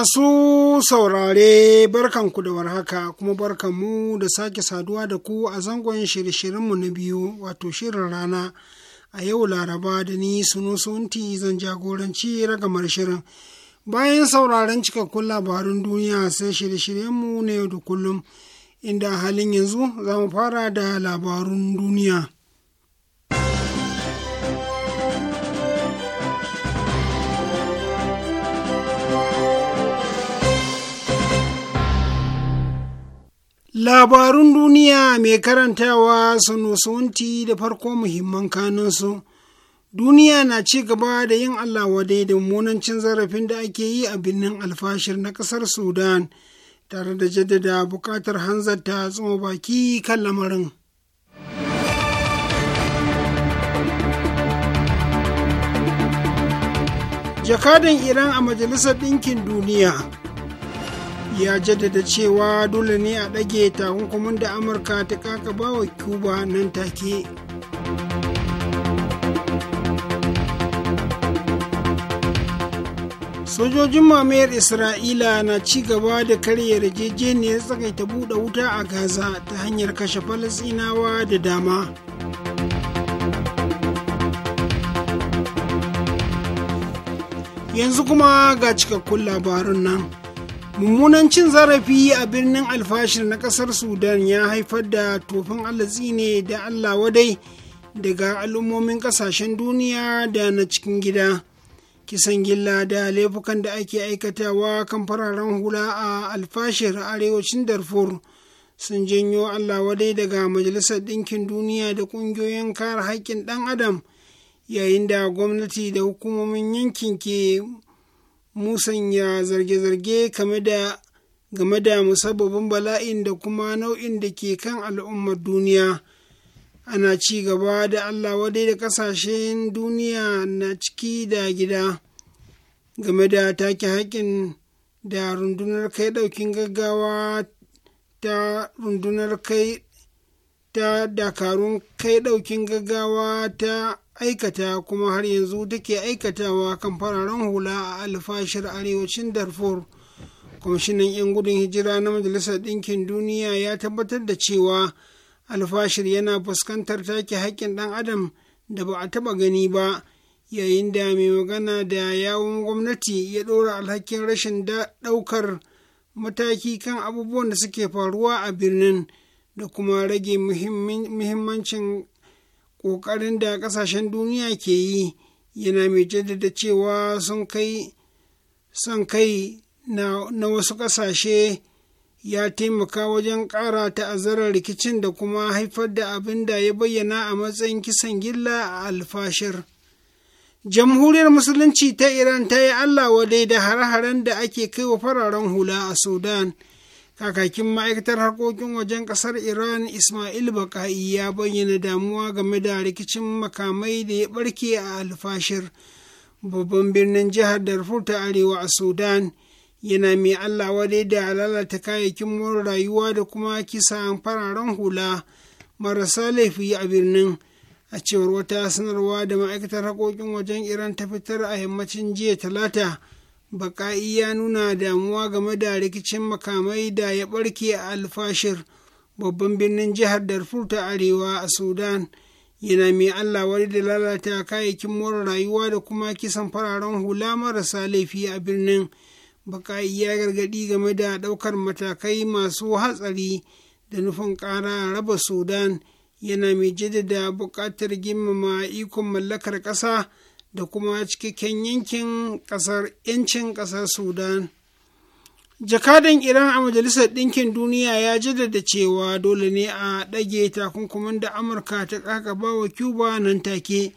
Masu saurare barkanku da warhaka kuma barkanmu da sake saduwa da ku a zangon shirye-shiryenmu na biyu wato shirin rana a yau laraba da ni suno sunti zan jagoranci ragamar shirin. Bayan sauraren cikakkun labarun duniya sai shirye-shiryenmu na yau da kullum inda halin yanzu za mu fara da labarun duniya. Labarun duniya mai karantawa sanu sunti da farko muhimman kanunsu. Duniya na ci gaba da yin Allah wadai da mummunan cin zarafin da ake yi a birnin alfashir na ƙasar Sudan, tare da jaddada buƙatar hanzarta tsoma baki kan lamarin. Jakadan Iran a Majalisar Ɗinkin Duniya ya jaddada cewa dole ne a ɗage takunkumin da amurka ta kakaba wa cuba nan take sojojin mamayar isra'ila na ci gaba da karya yarjejeniyar tsagaita buɗe wuta a gaza ta hanyar kashe falasinawa da dama yanzu kuma ga cikakkun labarun nan mummunan cin zarafi a birnin alfashir na kasar sudan ya haifar da tofin alatsi ne da allah wadai daga al'ummomin kasashen duniya da na cikin gida kisan gilla da laifukan da ake aikatawa kan fararen hula a alfashir arewacin darfur sun janyo allah wadai daga majalisar ɗinkin duniya da ƙungiyoyin kare haƙƙin ɗan adam yayin da gwamnati da hukumomin yankin ke musanya zarge-zarge game da musabbabin bala'in da kuma nau'in da ke kan al'ummar duniya ana ci gaba da allah wadai da kasashen duniya na ciki da gida game da take haƙƙin da rundunar kai ɗaukin gaggawa ta rundunar kai ta dakarun kai ɗaukin gaggawa ta aikata kuma har yanzu take aikatawa kan fararen hula a alfashir arewacin darfur kwamishinan 'yan gudun hijira na majalisar ɗinkin duniya ya tabbatar da cewa alfashir yana fuskantar take haƙƙin ɗan adam da ba a taɓa gani ba yayin da mai magana da yawon gwamnati ya ɗora alhakin rashin ɗaukar mataki kan abubuwan da suke faruwa a birnin da kuma rage muhimmancin ƙoƙarin da ƙasashen duniya ke yi yana mai jaddada cewa sun kai son kai na, na wasu ƙasashe ya taimaka wajen ƙara ta'azzarar rikicin da kuma haifar da abin da ya bayyana a matsayin kisan gilla a alfashir. Jamhuriyar Musulunci ta Iran ta yi Allah wadai da hare-haren da ake kai wa fararen hula a Sudan. kakakin ma'aikatar harkokin wajen kasar iran ismail baka'i ya bayyana damuwa game da rikicin makamai da ya barke a alfashir babban birnin jihar darfur ta arewa a sudan yana mai allah wadai da lalata kayayyakin more rayuwa da kuma kisa fararen hula marasa laifi a birnin a cewar wata sanarwa da ma'aikatar harkokin wajen iran ta fitar a yammacin jiya talata Baƙa'i ya nuna damuwa game da rikicin makamai da ya ɓarke a alfashir babban birnin jihar darfur ta arewa a sudan yana mai allah wani da lalata kayayyakin more rayuwa da kuma kisan fararen hula marasa laifi a birnin Baƙa'i ya gargaɗi game da ɗaukar matakai masu hatsari da nufin ƙara raba sudan yana mai jaddada buƙatar girmama ikon mallakar ƙasa da kuma cikakken yankin ƙasar 'yancin ƙasar sudan jakadan iran a majalisar ɗinkin duniya ya jaddada cewa dole ne a ɗage takunkumin da amurka ta ƙaƙaba wa cuba nan take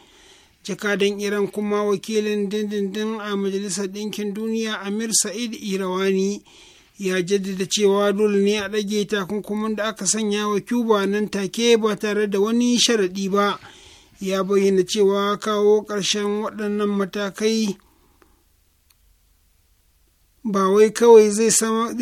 jakadan iran kuma wakilin dindindin a majalisar ɗinkin duniya amir sa'id irawani ya jaddada cewa dole ne a ɗage takunkumin da aka sanya wa cuba nan take ba tare da wani sharaɗi ba. ya bayyana cewa kawo ƙarshen waɗannan matakai ba wai kawai zai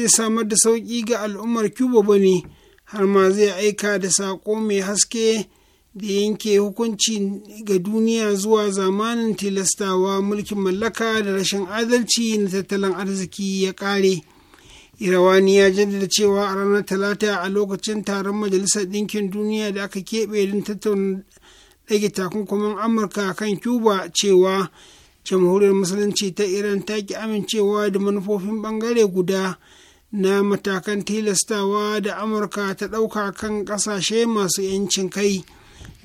samar da sauƙi ga al'ummar cuba ba ne har ma zai aika da saƙo mai haske da yanke hukunci ga duniya zuwa zamanin tilastawa mulkin mallaka da rashin adalci na tattalin arziki ya ƙare irawani ya jaddada cewa a ranar talata a lokacin taron majalisar ɗinkin duniya da aka keɓe don tattauna ɗage takunkumin amurka kan cuba cewa jamhuriyar musulunci ta iran ta ki amincewa da manufofin bangare guda na matakan tilastawa da amurka ta ɗauka kan ƙasashe masu 'yancin kai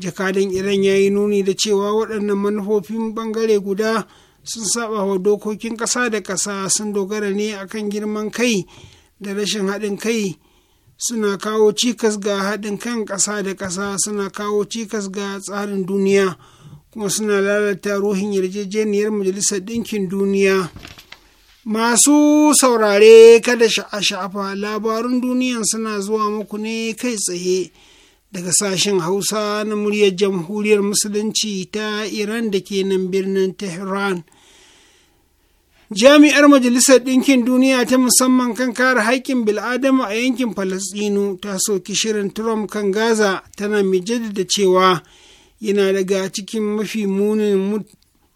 jakadan iran ya yi nuni da cewa waɗannan manufofin ɓangare guda sun saba wa dokokin ƙasa da ƙasa sun dogara ne akan girman kai da rashin haɗin kai suna kawo cikas ga haɗin kan ƙasa da ƙasa suna kawo cikas ga tsarin duniya kuma suna lalata ruhin yarjejeniyar majalisar ɗinkin duniya masu saurare kada sha'a sha'afa labarun duniyan suna zuwa muku ne kai tsaye daga sashen hausa na muryar jamhuriyar musulunci ta iran da ke nan birnin tehran Jami'ar Majalisar Ɗinkin Duniya ta musamman kan kare haƙƙin bil'adama a yankin Falasɗinu ta soki shirin Trump kan Gaza tana mai jaddada cewa yana daga cikin mafi munin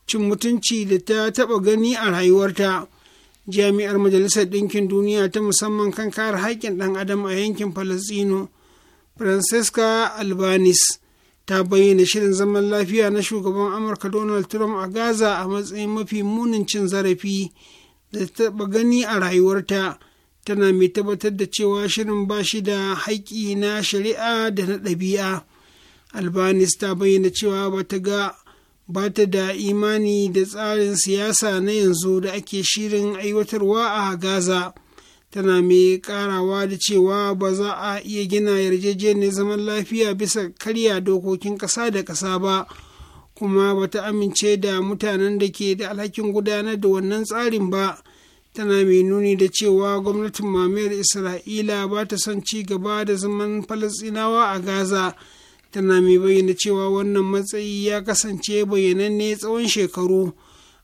cin mutunci da ta taɓa gani a rayuwarta. Jami'ar Majalisar Ɗinkin Duniya ta musamman kan kare haƙƙin ɗan adam a yankin Falasɗinu, Francesca Albanese ta bayyana shirin zaman lafiya na shugaban amurka donald trump a gaza a matsayin mafi munin cin zarafi da ta taɓa gani a rayuwarta tana mai tabbatar da cewa shirin ba shi da haƙƙi na shari'a da na ɗabi'a albanis ta bayyana cewa ba ta ga ba ta da imani da tsarin siyasa na yanzu da ake shirin aiwatarwa a gaza. tana mai karawa da cewa ba za a iya gina yarjejeniyar zaman lafiya bisa karya dokokin ƙasa da ƙasa ba kuma ba ta amince da mutanen da ke da alhakin gudanar da wannan tsarin ba tana mai nuni da cewa gwamnatin mamayar isra'ila ba ta son ci gaba da zaman falasinawa a gaza tana mai bayyana cewa wannan matsayi ya kasance bayyananne tsawon shekaru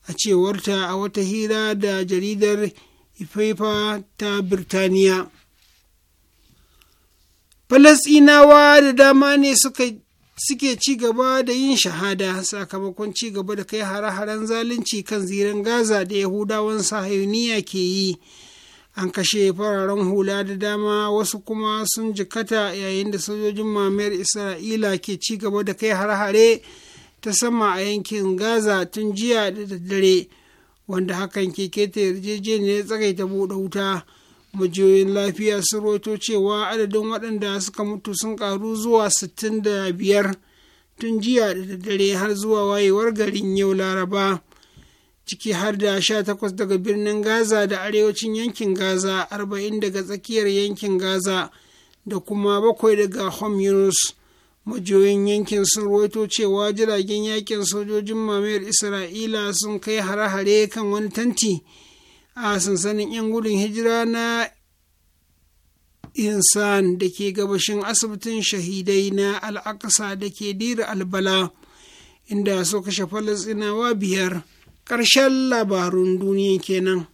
a cewarta a wata hira da jaridar ifaifa ta birtaniya falasinawa da dama ne suke ci gaba da yin shahada sakamakon ci gaba da kai hare-haren zalunci kan ziren gaza da yahudawan sahayuniya ke yi an kashe fararen hula da dama wasu kuma sun jikata yayin da sojojin mamayar isra'ila ke ci gaba da kai hare-hare ta sama a yankin gaza tun jiya da daddare wanda hakan ke keta yarjejeniyar tsagaita buɗe wuta majiyoyin lafiya sun roto cewa adadin waɗanda suka mutu sun ƙaru zuwa sittin da biyar tun jiya da daddare har zuwa wayewar garin yau laraba ciki har da sha takwas daga birnin gaza da arewacin yankin gaza arba'in daga tsakiyar yankin gaza da kuma bakwai daga home yunus majiyoyin yankin sun ruwaito cewa jiragen yakin sojojin mamayar isra'ila sun kai hare-hare kan wani tanti a sansanin 'yan gudun hijira na insan da ke gabashin asibitin shahidai na al'aqsa da ke dira albala inda suka kashe falasinawa biyar ƙarshen labarun duniya kenan.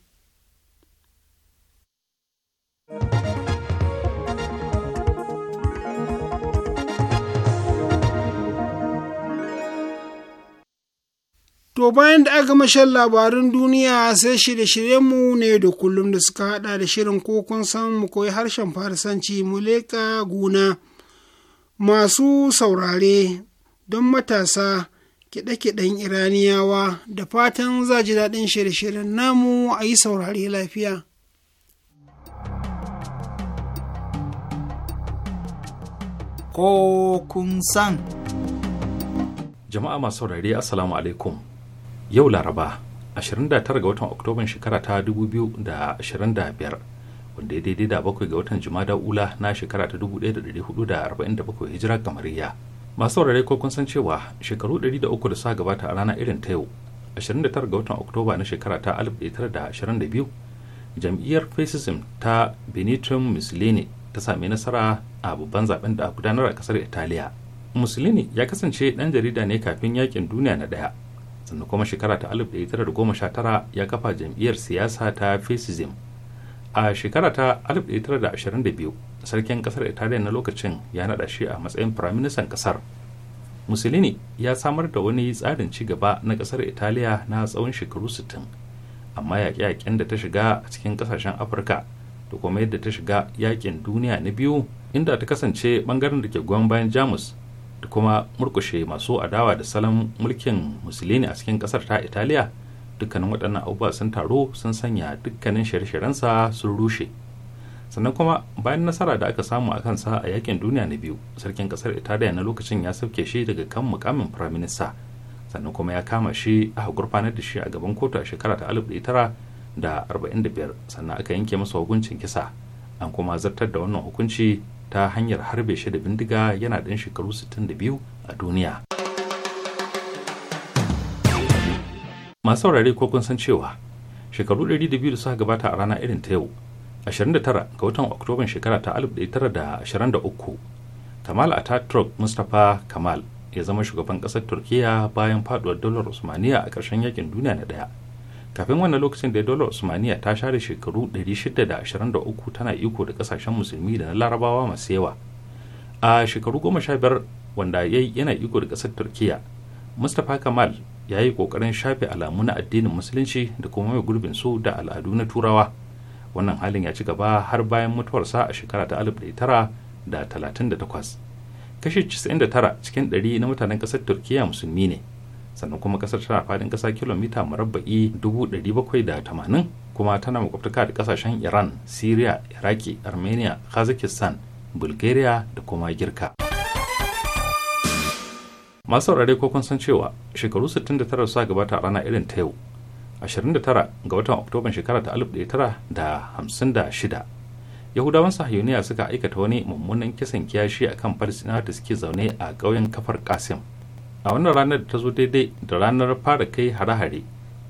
To bayan da aka mashan labarun duniya sai shirye-shiryenmu ne da kullum da suka hada da shirin kokon san mu koyi harshen farsanci mu leƙa guna masu saurare don matasa kiɗe-kiɗen iraniyawa da fatan za ji daɗin shirye-shiryen namu a yi saurare lafiya. Ko kun san. Jama'a masu saurare Assalamu alaikum. yau laraba 29 ga watan oktoban shekara ta 2025 wanda ya daidai da bakwai ga watan da ula na shekara ta 1447 hijira Mariya. masu saurare ko kun san cewa shekaru 300 da sa gabata a rana irin ta yau 29 ga watan oktoba na shekara ta 1922 jam'iyyar fascism ta Benetton mussolini ta sami nasara a babban zaben da gudanar a kasar italiya mussolini ya kasance dan jarida ne kafin yakin duniya na daya sannan kuma shekara ta 1919 ya kafa jam'iyyar siyasa ta fascism a shekara ta 1922 sarkin kasar italiya na lokacin ya naɗa shi a matsayin firaministan kasar musulini ya samar da wani tsarin ci gaba na kasar italiya na tsawon shekaru 60 amma yaƙe-yaƙen da ta shiga a cikin ƙasashen afirka da kuma yadda ta shiga yaƙin duniya na biyu inda ta kasance bangaren da ke goyon bayan jamus da kuma murkushe masu adawa da salon mulkin musulini a cikin kasar ta italiya dukkanin waɗannan abubuwa sun taro sun sanya dukkanin shirye-shiryensa sun rushe sannan kuma bayan nasara da aka samu a kansa a yakin duniya na biyu sarkin kasar italiya na lokacin ya sauke shi daga kan mukamin firaminista sannan kuma ya kama shi aka gurfanar da shi a gaban kotu a shekara ta 1945 sannan aka yanke masa hukuncin kisa an kuma zartar da wannan hukunci ta hanyar harbe shi da bindiga yana ɗan shekaru 62 a duniya. Masu saurare ko kun san cewa shekaru 200 da suka gabata a rana irin ta yau 29 ga watan Oktoban shekara ta 1923 Kamal Ataturk Mustapha Kamal ya zama shugaban ƙasar Turkiyya bayan faduwar dalar Usmaniya a ƙarshen yakin duniya na ɗaya. kafin wannan lokacin da dole usmaniya ta share shekaru 623 tana iko da kasashen musulmi da na larabawa masu yawa a shekaru 15 wanda ya yi yana iko da kasar turkiya mustapha kamal ya yi kokarin shafe alamu na addinin musulunci da kuma mai gurbin su da al'adu na turawa wannan halin ya ci gaba har bayan mutuwarsa a shekara ta 1938 kashi 99 cikin 100 na mutanen kasar turkiya musulmi ne sannan kuma kasar tana faɗin ƙasa kilomita murabba'i 780 kuma tana makwabtaka da ƙasashen iran syria iraki armenia kazakistan bulgaria da kuma girka masu saurare ko kun san cewa shekaru 69 suka gabata a rana irin ta yau 29 ga watan oktoban shekara ta 1956 yahudawan sahiyoniya suka aikata wani mummunan kisan kiyashi a kan farisina da suke zaune a ƙauyen kafar kasim a wannan ranar da ta zo daidai da ranar fara kai hare-hare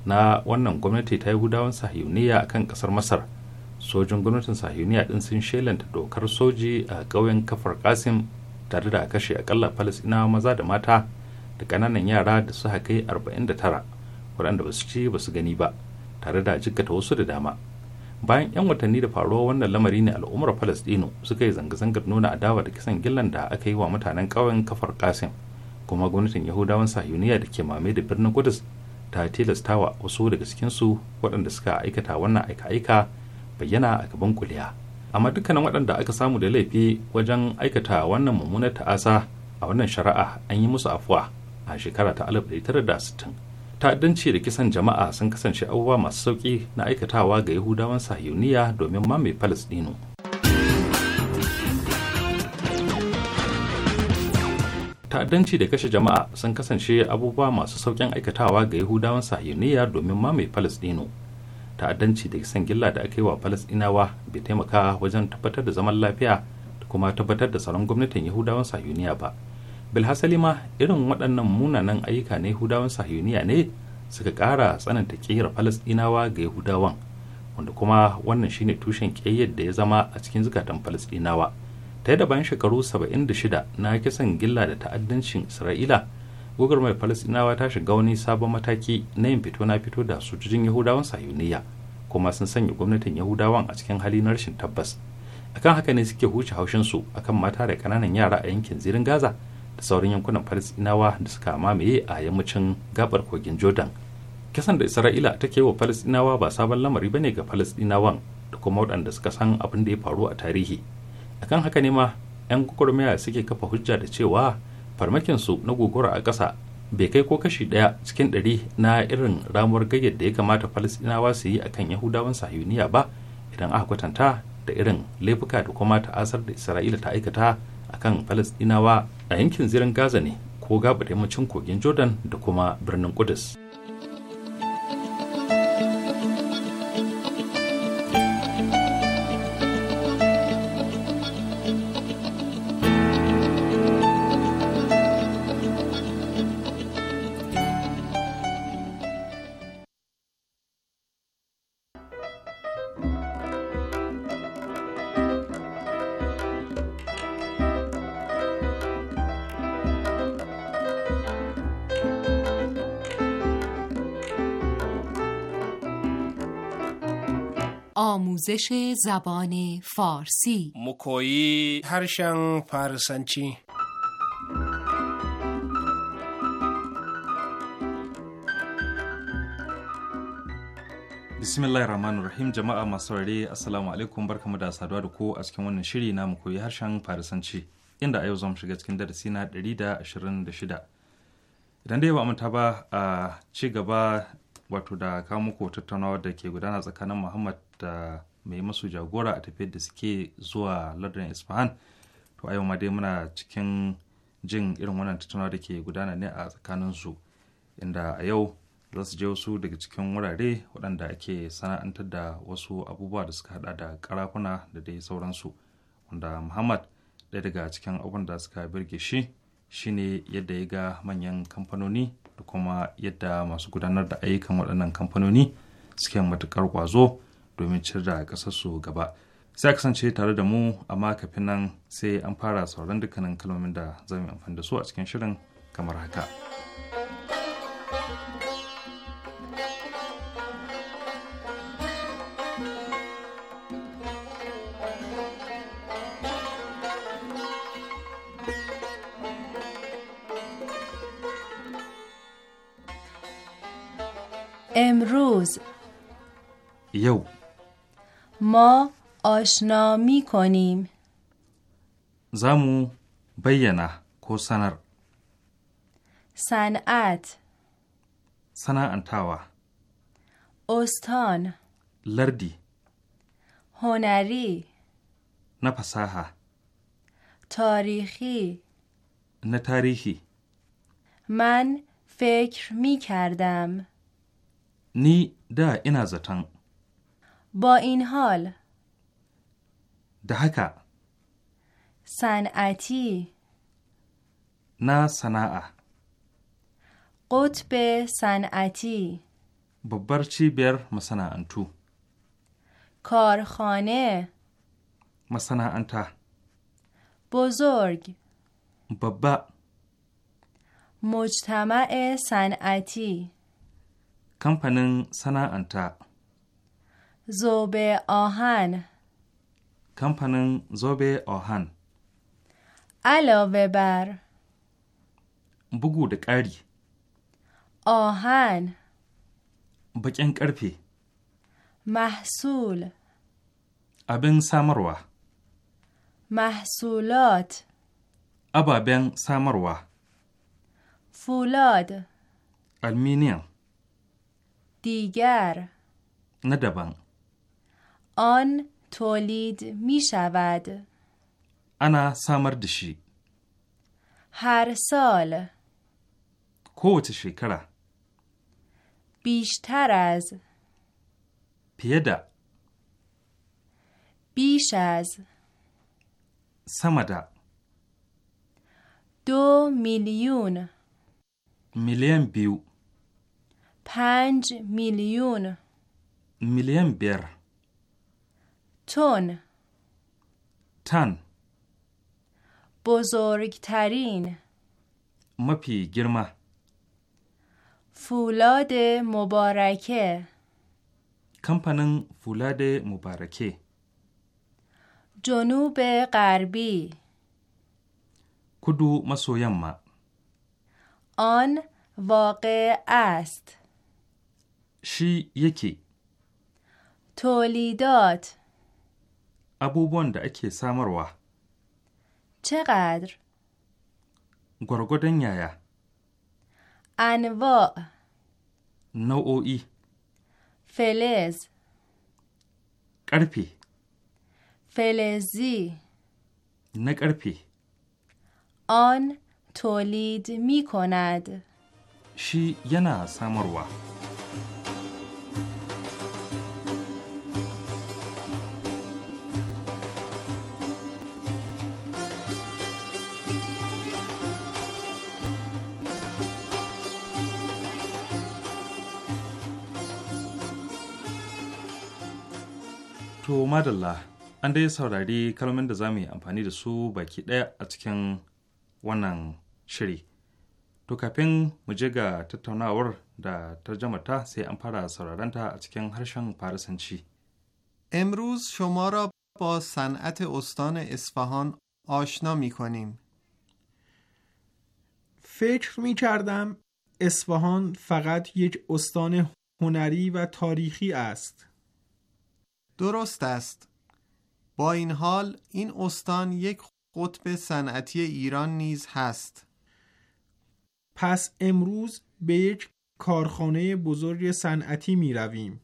na wannan gwamnati ta yi yahudawan sahiyuniya a kan kasar masar sojin gwamnatin sahiyuniya din sun shelanta dokar soji a ƙauyen kafar kasim tare da kashe akalla falasinawa maza da mata da ƙananan yara da suka kai 49 waɗanda ba su ci ba su gani ba tare da jikkata wasu da dama bayan 'yan watanni da faruwa wannan lamari ne al'ummar falasdino suka yi zanga-zangar nuna adawa da kisan gillan da aka yi wa mutanen ƙauyen kafar kasim kuma gwamnatin yahudawan sahiyuniya da ke mame da birnin kudus ta tilasta wa wasu daga cikinsu waɗanda suka aikata wannan aika-aika bayyana a gaban kuliya amma dukkanin waɗanda aka samu da laifi wajen aikata wannan mummunar ta'asa a wannan shari'a an yi musu afuwa a shekara ta da 1960 ta'addanci da kisan jama'a sun kasance abubuwa masu sauƙi na aikatawa ga yahudawan sahiyuniya domin mamaye dinu ta'addanci da kashe jama'a sun kasance abubuwa masu saukin aikatawa ga yahudawan sahiyoniya domin mamaye falasɗinu ta'addanci da san gilla da aka yi wa falasɗinawa bai taimaka wajen tabbatar da zaman lafiya da kuma tabbatar da tsaron gwamnatin yahudawan sahiyoniya ba bilhassali ma irin waɗannan munanan ayyuka na yahudawan sahiyoniya ne suka ƙara tsananta ƙiyar falasɗinawa ga yahudawan wanda kuma wannan shine tushen ƙiyayyar da ya zama a cikin zukatan falasɗinawa ta da bayan shekaru 76 na kisan gilla da ta'addancin isra'ila mai falasinawa ta shiga wani sabon mataki na yin fito na fito da sojojin yahudawan sayuniya kuma sun sanya gwamnatin yahudawan a cikin hali na rashin tabbas akan haka ne suke huce haushinsu akan mata da kananan yara a yankin zirin gaza da sauran yankunan falasinawa da suka mamaye a yammacin gabar kogin jordan kisan da isra'ila take wa falasinawa ba sabon lamari ba ne ga falasinawan da kuma waɗanda suka san abin da ya faru a tarihi akan haka ne ma 'yan gwagwarmaya suke kafa hujja da cewa farmakinsu na guguwar a ƙasa bai kai ko kashi ɗaya cikin ɗari na irin ramuwar gayyar da ya kamata falasɗinawa su yi akan yahudawan sahiyuniya ba idan aka kwatanta da irin laifuka da kuma ta'asar da isra'ila ta aikata akan falasɗinawa a yankin zirin gaza ne ko gaba da yammacin kogin jordan da kuma birnin kudus آموزش زبان فارسی مکویی هرشن فارسنچی bismillahir rahmanir rahim jama'a masu saurare assalamu alaikum barkamu da saduwa da ku a cikin wannan shiri na koyi harshen farisanci inda a yau zamu shiga cikin darasi na 126 idan dai ba mu ba a ci gaba wato da kawo muku tattaunawa da ke gudana tsakanin muhammad da mai masu jagora a tafiyar da suke zuwa lardin isfahan to a yau ma dai muna cikin jin irin wannan tattaunawa da ke gudana ne a tsakanin su inda a yau za su je wasu daga cikin wurare waɗanda ake sana'antar da wasu abubuwa da suka hada da karafuna da dai sauransu wanda muhammad ɗaya daga cikin abubuwan da suka birge shi shine yadda ya ga manyan kamfanoni da kuma yadda masu gudanar da ayyukan waɗannan kamfanoni suke matuƙar kwazo domin cire da ƙasarsu gaba sai kasance tare da mu amma kafin nan sai an fara sauran dukkanin kalmomin da zamu amfani da su a cikin shirin kamar haka. امروز یو ما آشنا می کنیم زمو بینه کو سنر صنعت انتاوا استان لردی هنری نه تاریخی نه تاریخی من فکر می کردم نی دا اینا زتن با این حال دهکا صنعتی نه صناعه قطب صنعتی babbar cibiyar masana'antu. کارخانه masana'anta بزرگ babba مجتمع صنعتی kamfanin sana'anta Zobe Ohan. Kamfanin Zobe Ohan. Alo be Bugu da ƙari. Ohan. Baƙin ƙarfe. Mahsul. Abin samarwa. Mahsulot. Ababen samarwa. Fulod. Alminiyan. Digar. Na daban. آن تولید می شود انا سامردشی هر سال کوت شکره بیشتر از پیدا بیش از سمدا دو میلیون میلیون بیو پنج میلیون میلیون بیر تون تن بزرگترین مپی گرما فولاد مبارکه کمپنن فولاد مبارکه جنوب غربی کدو ما آن واقع است شی یکی تولیدات abubuwan da ake samarwa. چقدر؟ gwargwadon yaya. Anvo. Nau'o'i. Felez. Ƙarfe. Felezi. Na ƙarfe. On tolid mikonad. Shi yana samarwa. To madalla, an dai saurari kalmomin da za mu yi amfani da su baki ɗaya a cikin wannan shiri. To kafin mu je ga tattaunawar da tarjamata sai an fara sauraronta a cikin harshen Farisanci. امروز shomara ba san'at ustan Isfahan اصفهان آشنا می کنیم. فکر می کردم اصفهان فقط یک استان هنری و تاریخی است. درست است با این حال این استان یک قطب صنعتی ایران نیز هست پس امروز به یک کارخانه بزرگ صنعتی می رویم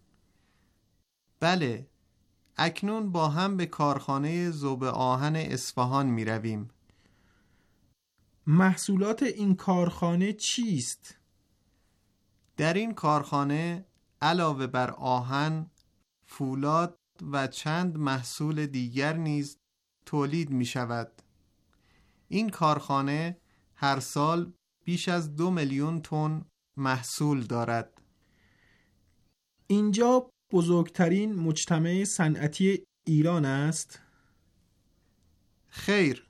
بله اکنون با هم به کارخانه زوب آهن اصفهان می رویم محصولات این کارخانه چیست؟ در این کارخانه علاوه بر آهن، فولاد و چند محصول دیگر نیز تولید می شود. این کارخانه هر سال بیش از دو میلیون تن محصول دارد. اینجا بزرگترین مجتمع صنعتی ایران است؟ خیر،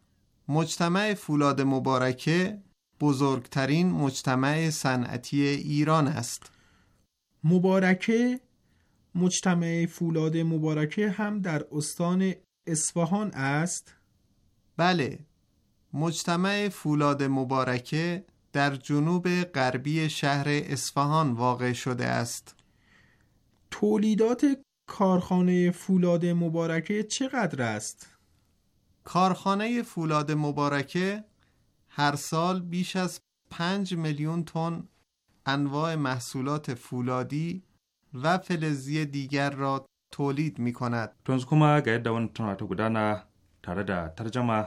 مجتمع فولاد مبارکه بزرگترین مجتمع صنعتی ایران است. مبارکه مجتمع فولاد مبارکه هم در استان اصفهان است؟ بله مجتمع فولاد مبارکه در جنوب غربی شهر اصفهان واقع شده است تولیدات کارخانه فولاد مبارکه چقدر است؟ کارخانه فولاد مبارکه هر سال بیش از 5 میلیون تن انواع محصولات فولادی و فلزی دیگر را تولید می کند. تونز کما گاید دوان تنواتا گدانا تارده ترجمه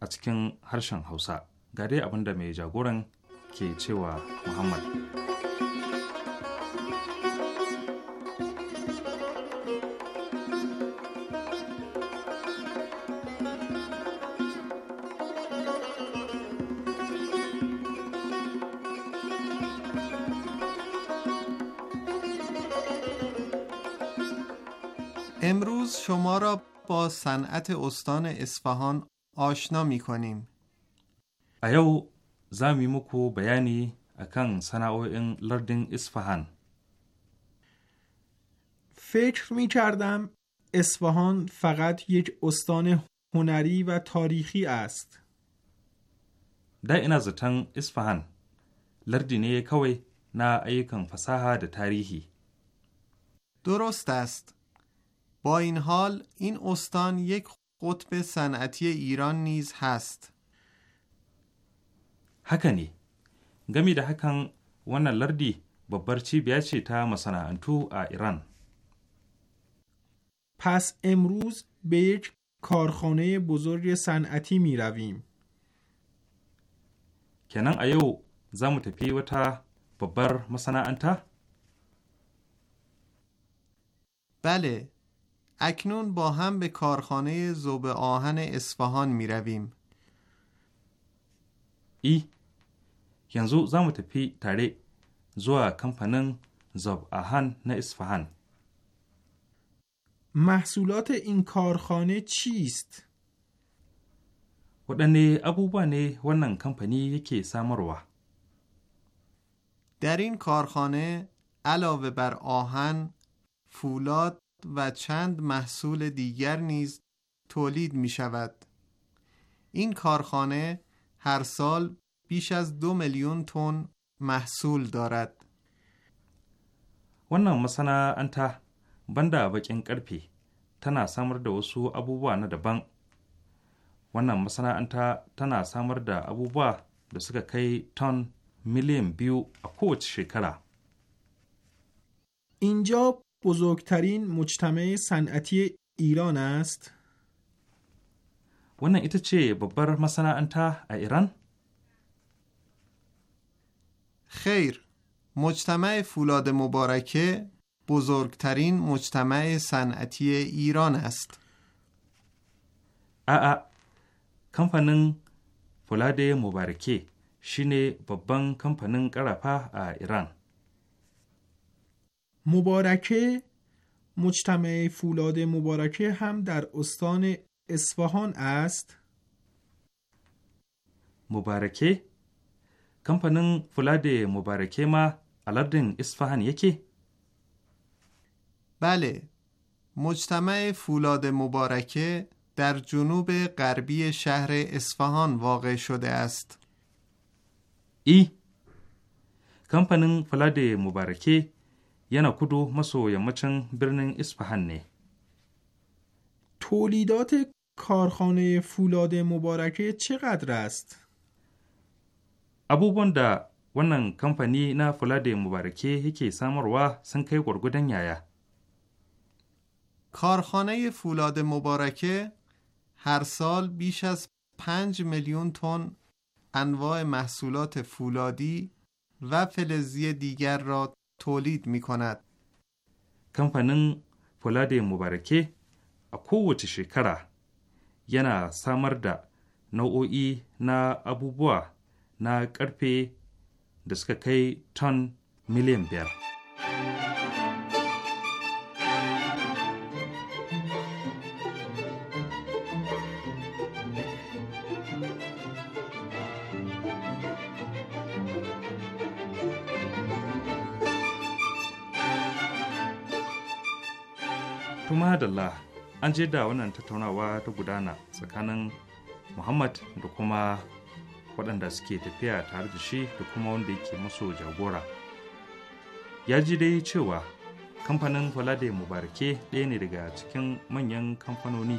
از کن هرشن حوصا گره ابنده می جاگورن که چه و محمد. شما را با صنعت استان اصفهان آشنا می کنیم. ایو زمی مکو بیانی اکن صنعو این لردن اصفهان. فکر می کردم اصفهان فقط یک استان هنری و تاریخی است. در این از تن اصفهان لردینه کوی نا ایکن فساها تاریخی. درست است. با این حال این استان یک قطب صنعتی ایران نیز هست هکنی گمی ده هکن وانا لردی ببر چی بیاچی تا انتو ایران پس امروز به یک کارخانه بزرگ صنعتی می رویم ایو زمو تپی و تا ببر انتا؟ بله اکنون با هم به کارخانه زوب آهن اصفهان می رویم. ای ینزو زمت تپی تاره زوا کمپنن زوب آهن نه اصفهان محصولات این کارخانه چیست؟ ودنه ابو نه ونن کمپنی یکی samarwa در این کارخانه علاوه بر آهن فولاد و چند محصول دیگر نیز تولید می شود. این کارخانه هر سال بیش از دو میلیون تن محصول دارد. wannan masana'anta banda bakin karfe tana samar da wasu abubuwa na daban wannan masana'anta tana samar da abubuwa da suka kai ton miliyan biyu a kowace shekara اینجا بزرگترین مجتمع صنعتی ایران است؟ wannan ita ce babbar masana'anta a Iran? خیر مجتمع فولاد مبارکه بزرگترین مجتمع صنعتی ایران است. a'a kamfanin fulade mubarake shine babban kamfanin ƙarafa a iran مبارکه مجتمع فولاد مبارکه هم در استان اصفهان است مبارکه کمپنن فولاد مبارکه ما الاردن اصفهان یکی؟ بله مجتمع فولاد مبارکه در جنوب غربی شهر اصفهان واقع شده است ای کمپنن فولاد مبارکه yana kudu maso yammacin birnin isfahan ne تولیدات کارخانه فولاد مبارکه چقدر است؟ abubuwan da wannan kamfani na fulade mubarake yake samarwa sun kai gwargwadon yaya. کارخانه فولاد مبارکه هر سال بیش از 5 میلیون تن انواع محصولات فولادی و فلزی دیگر را تولید می کند. کمپنین فولاد a kowace shekara yana samar da nau'o'i na abubuwa na ƙarfe da suka kai ton miliyan biyar. madalla an je da wannan tattaunawa ta gudana tsakanin muhammad da kuma waɗanda suke tafiya tare da shi da kuma wanda yake maso jagora ya ji dai cewa kamfanin falade mubarake ɗaya ne daga cikin manyan kamfanoni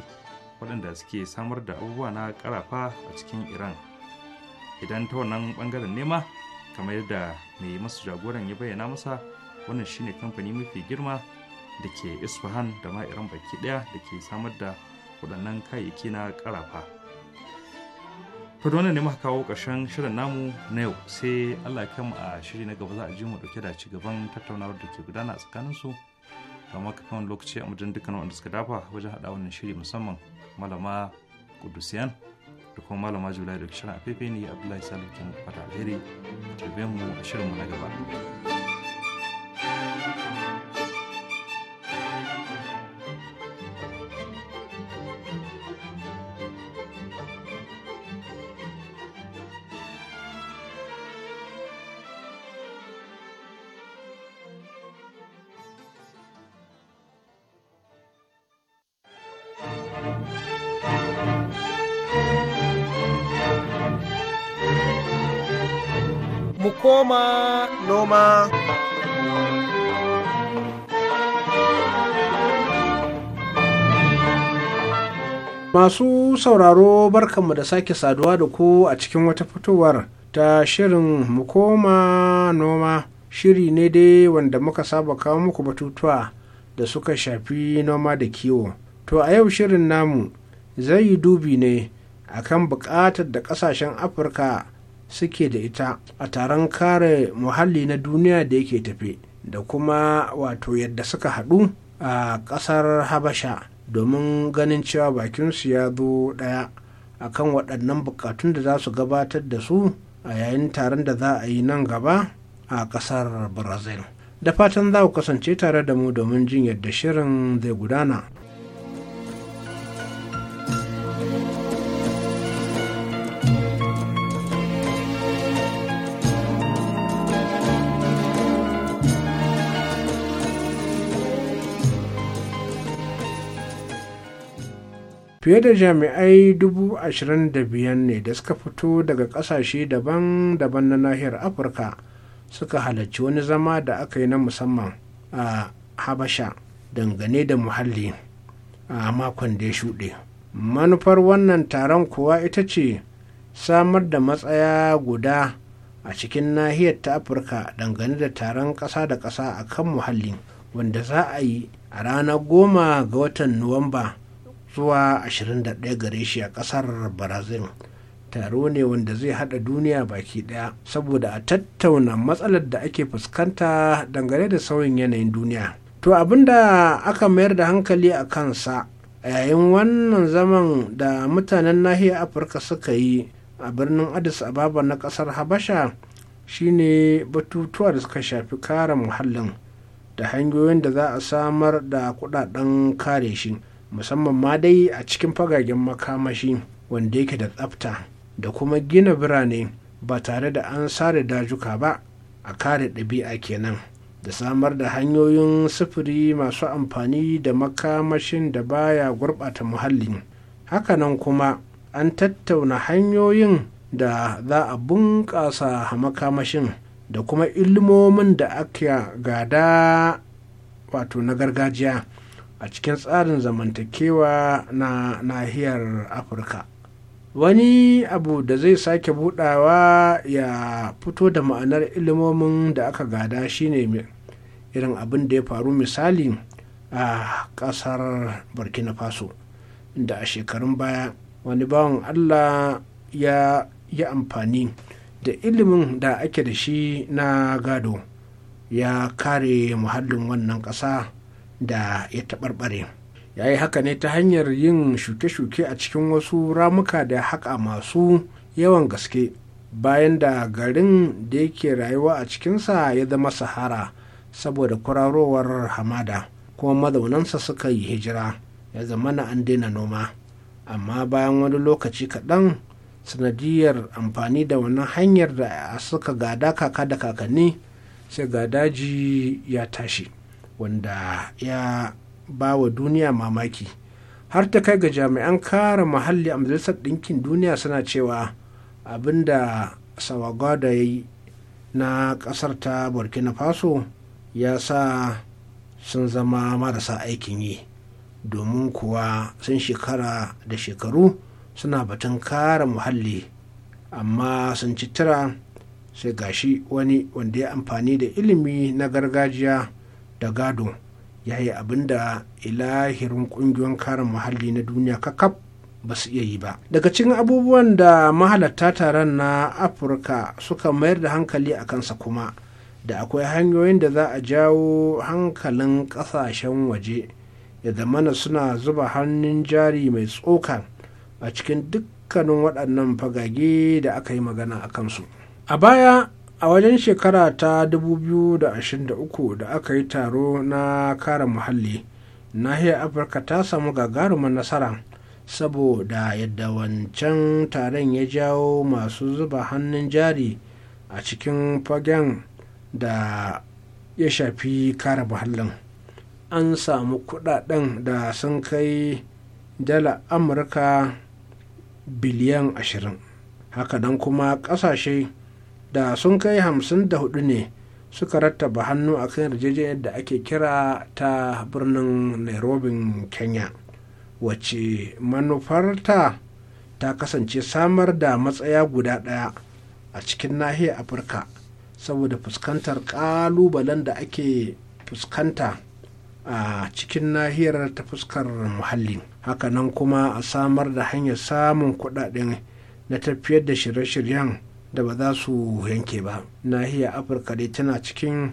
waɗanda suke samar da abubuwa na ƙarafa a cikin iran idan ta wannan ɓangaren nema kamar yadda mai masu jagoran ya bayyana masa wannan shine kamfani mafi girma da ke isfahan da ma baki daya da ke samar da waɗannan kayayyaki na karafa. to da ne muka kawo ƙarshen shirin namu na yau sai allah ya mu a shiri na gaba za a ji mu dauke da ci gaban tattaunawar da ke gudana a tsakanin su kamar kafin lokaci a mutum dukkan wanda suka dafa wajen haɗa wannan shiri musamman malama kudusiyan da kuma malama julai da shirin afefe ne abdullahi salihu fata alheri tarbe mu a shirin mu na gaba. koma noma. Masu sauraro barkanmu da sake saduwa da ku a cikin wata fitowar ta shirin mu koma noma. Shiri ne dai wanda muka saba kawo muku batutuwa da suka shafi noma da kiwo. To a yau shirin namu zai yi dubi ne akan bukatar da ƙasashen Afirka suke da ita a taron kare muhalli na duniya da yake tafe da kuma wato yadda suka haɗu a ƙasar habasha domin ganin cewa bakin su ya zo ɗaya kan waɗannan bukatun da za su gabatar da su a yayin taron da za a yi nan gaba a ƙasar brazil da fatan za ku kasance tare da mu domin jin yadda shirin zai gudana fiye da jami'ai dubu ne da suka fito daga kasashe daban-daban na nahiyar afirka suka halarci wani zama da aka yi na musamman a habasha dangane da muhalli a makon da ya shuɗe manufar wannan taron kuwa ita ce samar da matsaya guda a cikin nahiyar ta afirka dangane da taron ƙasa da ƙasa a kan muhalli wanda za a yi a ranar goma ga watan nuwamba zuwa 21 gare shi a kasar brazil taro ne wanda zai hada duniya baki daya saboda a tattauna matsalar da ake fuskanta dangane da sauyin yanayin duniya to abinda aka mayar da hankali a kansa a yayin wannan zaman da mutanen nahiyar afirka suka yi a birnin addis ababa na kasar habasha shine batutuwa da suka shafi kare muhallin da hanyoyin da za a samar da kudaden kare shi musamman ma dai a cikin fagagen makamashi wanda yake da tsafta da kuma gina birane ba tare da an sare dajuka ba a kare ɗabi'a kenan da samar da hanyoyin sufuri masu amfani da makamashin da baya gurɓata muhalli hakanan kuma an tattauna hanyoyin da za a bunƙasa makamashin da kuma ilmomin da aka gada wato na gargajiya a cikin tsarin zamantakewa na nahiyar afirka wani abu da zai sake budawa ya fito da ma'anar ilimomin da aka gada shine irin abin da ya faru misali a kasar burkina faso da a shekarun baya wani bawan allah ya yi amfani da ilimin da ake da shi na gado ya kare muhallin wannan ƙasa da ya taɓarɓare ya yi haka ne ta hanyar yin shuke-shuke a cikin wasu ramuka da haƙa masu yawan gaske bayan da garin da yake rayuwa a cikinsa ya zama sahara saboda kwararowar hamada kuma mazaunansa suka yi hijira ya zama na an daina noma amma bayan wani lokaci kaɗan sanadiyar amfani da wannan hanyar da suka gada kaka da kakanni sai ga ya tashi wanda ya ba wa duniya mamaki har ta kai ga jami'an kare muhalli a majalisar ɗinkin duniya suna cewa abinda sawagwada ya yi na ƙasar ta burkina faso ya sa sun zama marasa aikin yi domin kuwa sun shekara da shekaru suna batun kare muhalli amma sun ci tira sai gashi wani wanda ya amfani da ilimi na gargajiya da gado ya yi abin da ilahirin kungiyoyin kare muhalli na duniya kakaf ba su iya yi ba daga cikin abubuwan da mahalatta taron na afirka suka mayar da hankali a kansa kuma da akwai hanyoyin da za a jawo hankalin kasashen waje ya zamana suna zuba hannun jari mai tsokan a cikin dukkanin waɗannan fagage da aka yi magana a kansu a baya a wajen shekara ta 2023 da aka yi taro na kare muhalli nahiyar afirka ta samu gagarumar nasara saboda yadda wancan taron ya jawo masu zuba hannun jari a cikin fagen da ya shafi kare muhallin an samu kudaden da sun kai dala amurka biliyan 20 haka Dan kuma kasashe da sun kai hamsin da hudu ne suka rattaba hannu a kan yarjejeniyar da ake kira ta birnin nairobi kenya wacce manufarta ta kasance samar da matsaya guda ɗaya a cikin nahiyar afirka saboda fuskantar ƙalubalen da ake fuskanta a cikin nahiyar ta fuskar muhalli hakanan kuma a samar da hanyar samun kudaden na tafiyar da shirye-shiryen da ba za su yanke ba nahiyar afirka dai tana cikin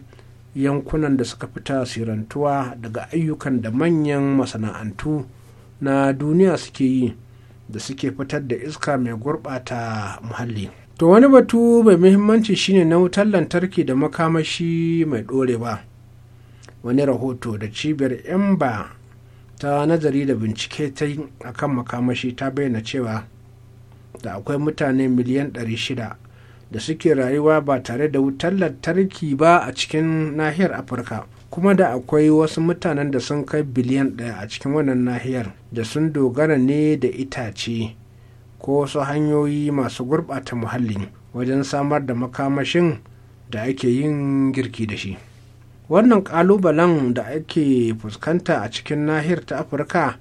yankunan da suka fi tasirantuwa daga ayyukan da manyan masana'antu na duniya suke yi da suke fitar da iska mai gurɓata muhalli to wani batu mai muhimmanci shine na wutar lantarki da makamashi mai ɗorewa wani rahoto da cibiyar emba ta nazari da bincike ta yi akan makamashi ta bayyana cewa da akwai mutane miliyan 600 da suke rayuwa ba tare da wutar lantarki ba a cikin nahiyar afirka kuma da akwai wasu mutanen da sun kai biliyan ɗaya a cikin wannan nahiyar da sun dogara ne da itace ko wasu hanyoyi masu gurɓata muhalli wajen samar da makamashin da ake yin girki da shi wannan ƙalubalen da ake fuskanta a cikin nahiyar ta afirka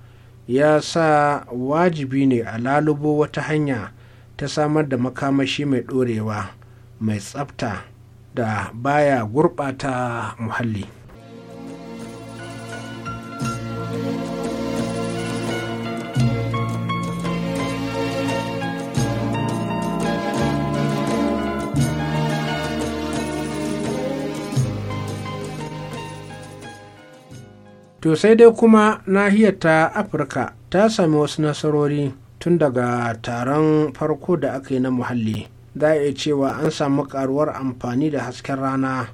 ya sa wajibi ne a lalubo wata hanya ta samar da makamashi mai ɗorewa mai tsafta da baya gurɓata muhalli to sai dai kuma nahiyar ta afirka ta sami wasu nasarori tun daga taron farko da aka yi na muhalli za a iya cewa an samu karuwar amfani da hasken rana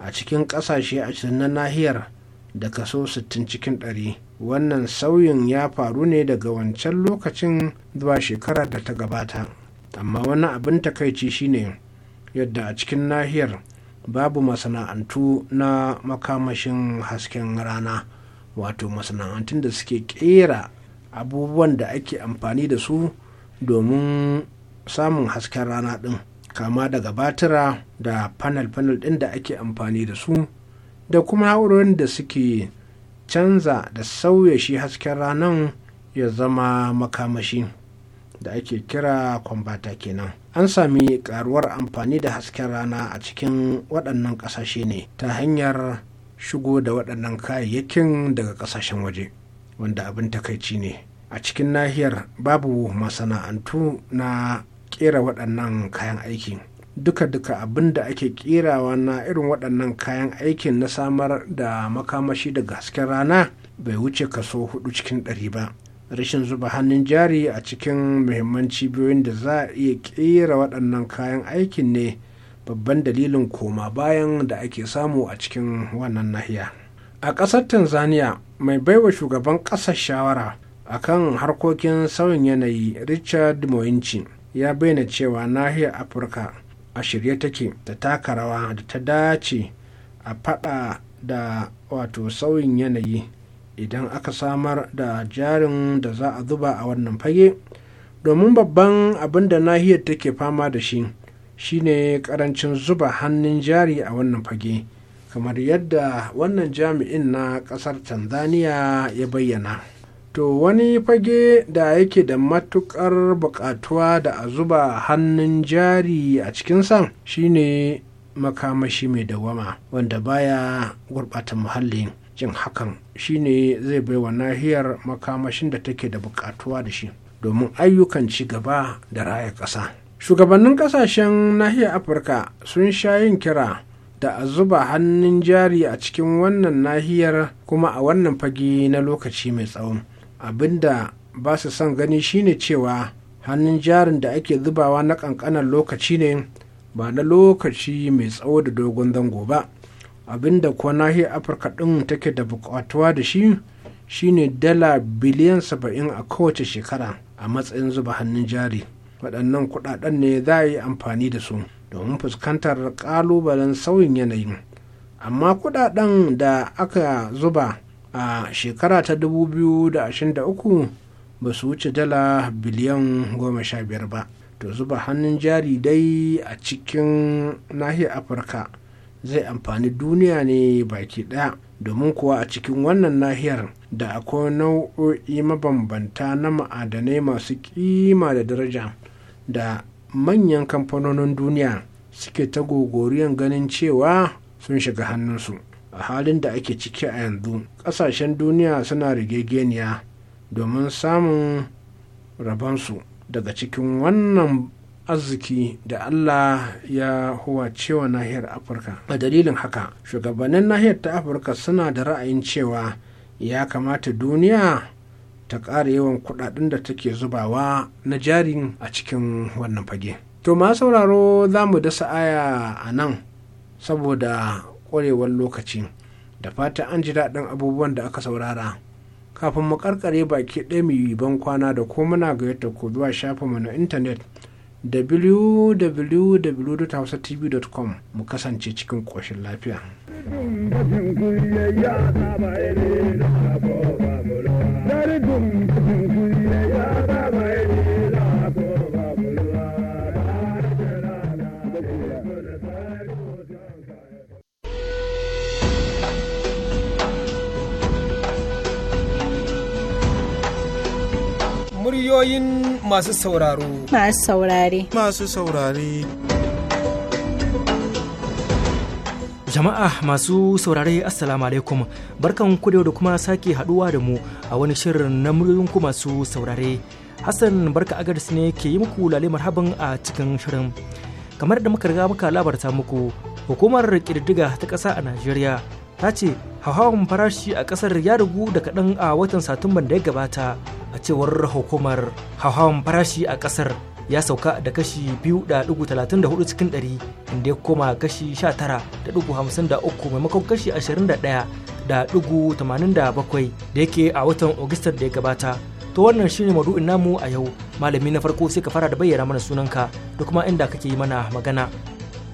a cikin ƙasashe ashirin na nahiyar da kaso 60 cikin 100 wannan sauyin ya faru ne daga wancan lokacin zuwa shekara da ta gabata amma wani abin takaici shine yadda a cikin nahiyar babu masana'antu na makamashin hasken rana wato masana'antun da suke kera abubuwan da ake amfani da su domin samun hasken rana ɗin kama daga batira da panel-panel ɗin da ake amfani da su da kuma na'urorin da suke canza da sauya shi hasken ranar ya zama makamashi da ake kira kwambata kenan an sami karuwar amfani da hasken rana a cikin waɗannan ƙasashe ne ta hanyar shigo da waɗannan kayayyakin daga ƙasashen waje wanda abin takaici ne a cikin nahiyar babu masana'antu na kera waɗannan kayan aiki duka-duka abin da ake kerawa na irin waɗannan kayan aikin na samar da makamashi daga hasken rana bai wuce kaso hudu cikin ɗari ba rashin zuba hannun jari a cikin muhimman cibiyoyin da za a iya kera waɗannan kayan aikin ne babban dalilin koma bayan da ake samu a cikin wannan nahiya a ƙasar tanzania mai baiwa shugaban ƙasar shawara a kan harkokin sauyin yanayi richard moyinci ya bayyana cewa nahiyar afirka a shirye take da taka rawa da ta dace a fada da wato sauyin yanayi idan aka samar da jarin da za a zuba a wannan fage domin babban abin da nahiyar take fama da shi shine karancin zuba hannun jari a wannan fage kamar yadda wannan jami'in na kasar tanzania ya bayyana to wani fage da yake da matukar bukatuwa da a zuba hannun jari a cikin cikinsa shine makamashi mai dawama wanda baya gurbata muhalli jin hakan shine zai baiwa nahiyar makamashin da take da bukatuwa da shi domin ayyukan ci gaba da raya ƙasa shugabannin kasashen nahiyar afirka sun sha yin kira da a zuba hannun jari a cikin wannan nahiyar kuma a wannan fagi na lokaci mai tsawon abinda ba su son gani shine cewa hannun jarin da ake zubawa na kankanan lokaci ne ba na lokaci mai tsawo da dogon zango ba abinda kuwa nahiyar afirka ɗin take da bukatuwa da shi shine dala biliyan saba'in a kowace shekara a matsayin zuba hannun jari waɗannan kuɗaɗen ne za a yi amfani da su domin fuskantar kalubalen sauyin yanayi amma kudaden da aka zuba a shekara ta 2023 ba su wuce dala biliyan 15 ba to zuba hannun jari dai a cikin nahiyar afirka zai amfani duniya ne baki daya domin kuwa a cikin wannan nahiyar da akwai nau'o'i mabambanta na ma'adanai masu kima da daraja da manyan kamfanonin duniya suke ta gogoriyan ganin cewa sun shiga hannunsu a halin da ake ciki a yanzu ƙasashen duniya suna rigegeniya domin samun rabonsu daga cikin wannan arziki da Allah ya huwa cewa nahiyar Afirka. A dalilin haka, shugabannin nahiyar ta Afirka suna da ra'ayin cewa ya kamata duniya ta ƙara yawan kuɗaɗen da take zubawa na jari a cikin wannan fage. To ma sauraro za mu dasa aya a nan saboda ƙwarewar lokaci da fata an ji daɗin abubuwan da aka saurara. Kafin mu karkare baki ɗaya mu ban kwana da ko muna gayyata ko zuwa shafinmu na intanet www.hausatv.com mu kasance cikin koshin lafiya. Muryoyin masu sauraro. Masu saurare. Masu saurare. Jama'a masu saurare Assalamu alaikum barkan ku da kuma sake haduwa da mu a wani shirin na muryoyin masu saurare. Hassan barka agaris ne ke yi muku lale marhaban a cikin shirin. Kamar da muka riga muka labarta muku hukumar ƙididdiga ta ƙasa a Najeriya ta ce hauhawan farashi a kasar ya rugu da kaɗan a watan satumban da ya gabata a cewar hukumar hauhawan farashi a kasar ya sauka da kashi 2.34 cikin 100 inda ya koma kashi 19.53 maimakon kashi 21.87 da yake a watan ogistar da ya gabata. To wannan shine madu'in namu a yau. Malami na farko sai ka fara da bayyana mana sunanka da kuma inda kake yi mana magana.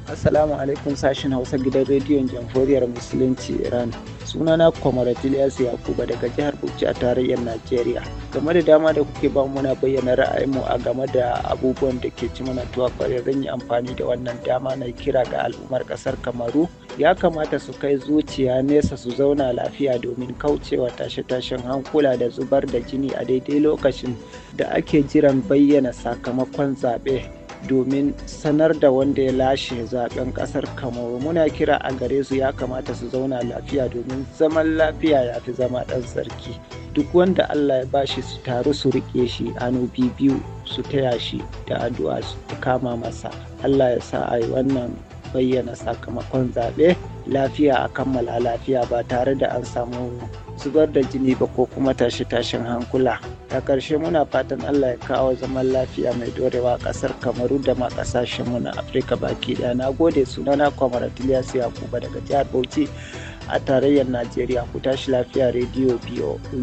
Assalamu alaikum sashen Hausa gidan rediyon Jamhuriyar Musulunci Iran. Sunana Kwamaratil Yasu Yakuba daga jihar Bauchi a tarayyar Najeriya. Game da dama da kuke ba muna bayyana ra'ayinmu a game da abubuwan da ke ci mana tuwa kwarai zan yi amfani da wannan dama na kira ga al'ummar kasar Kamaru. Ya kamata su kai zuciya nesa su zauna lafiya domin kaucewa tashe-tashen hankula da zubar da jini a daidai lokacin da ake jiran bayyana sakamakon zaɓe. domin sanar da wanda ya lashe zaben kasar kamaru muna kira a gare su ya kamata su zauna lafiya domin zaman lafiya ya fi zama ɗan sarki duk wanda allah ya bashi su taru su riƙe shi hannu biyu su taya shi da addu'a su kama masa allah ya sa a yi wannan bayyana sakamakon zaɓe lafiya a kammala lafiya ba tare da an samu zubar da jini ba ko kuma tashe-tashen hankula a ƙarshe muna fatan allah ya kawo zaman lafiya mai dorewa a ƙasar kamaru da ma ƙasashenmu na afirka baki ɗaya na gode sunana kwamar tiliyasu yakuba daga jihar bauchi a tarayyar najeriya ku tashi lafiya rediyo biyu e,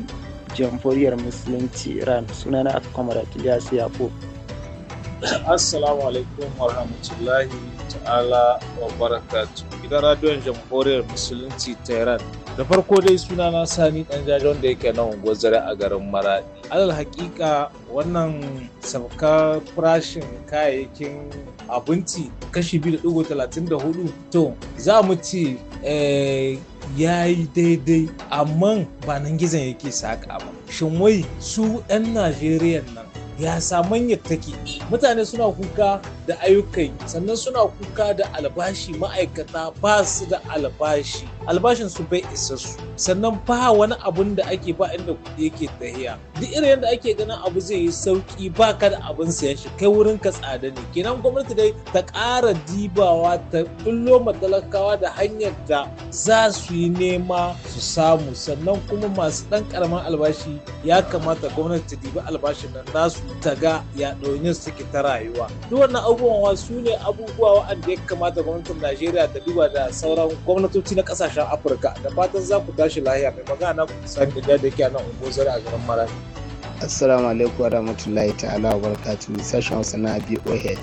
jamhuriyar musulunci iran sunana kwamar tiliyasu yakuba assalamu alaikum warahmatullahi ta'ala wa barakatu gidan radiyon jamhuriyar musulunci tehran da farko dai suna na sani dan jaji da yake na unguwar a garin maradi alal hakika wannan sabka farashin kayayyakin abinci kashi 2.34 to za mu ci eh, ya yi daidai amma ba nan gizon yake saƙa ba shin wai su 'yan najeriya nan ya ya take mutane suna kuka da ayyukan sannan suna kuka da albashi ma'aikata ba su da albashi albashin su bai isa su sannan ba wani abun da ake ba inda kuɗi yake tahiya duk irin yadda ake ganin abu zai yi sauki ba ka da abin sayan shi kai wurin ka tsada ne kenan gwamnati dai ta ƙara dibawa ta bullo matalakawa da hanyar da za su yi nema su samu sannan kuma masu ɗan ƙaramin albashi ya kamata gwamnati ta dibi albashin nan su ta ga ya ɗaunin suke ta rayuwa duk wannan abubuwan su ne abubuwa wa'anda ya kamata gwamnatin najeriya ta duba da sauran gwamnatoci na ƙasashe kasashen afirka da fatan za ku tashi lahiya mai magana ku sani da da ke nan zari a garin marami assalamu alaikum warahmatullahi ta'ala wa barakatuhu sashen hausa na boh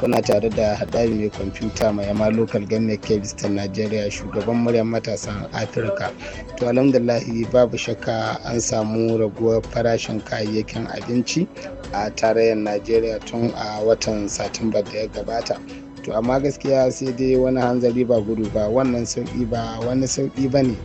kuna tare da haɗari mai kwamfuta mai yama lokal gannet kebis ta najeriya shugaban muryar matasan afirka to alhamdulahi babu shakka an samu raguwar farashin kayayyakin abinci a tarayyar nigeria tun a watan satumba da ya gabata to amma gaskiya sai dai wani hanzari ba gudu ba wannan sauki ba wani sauki ba ne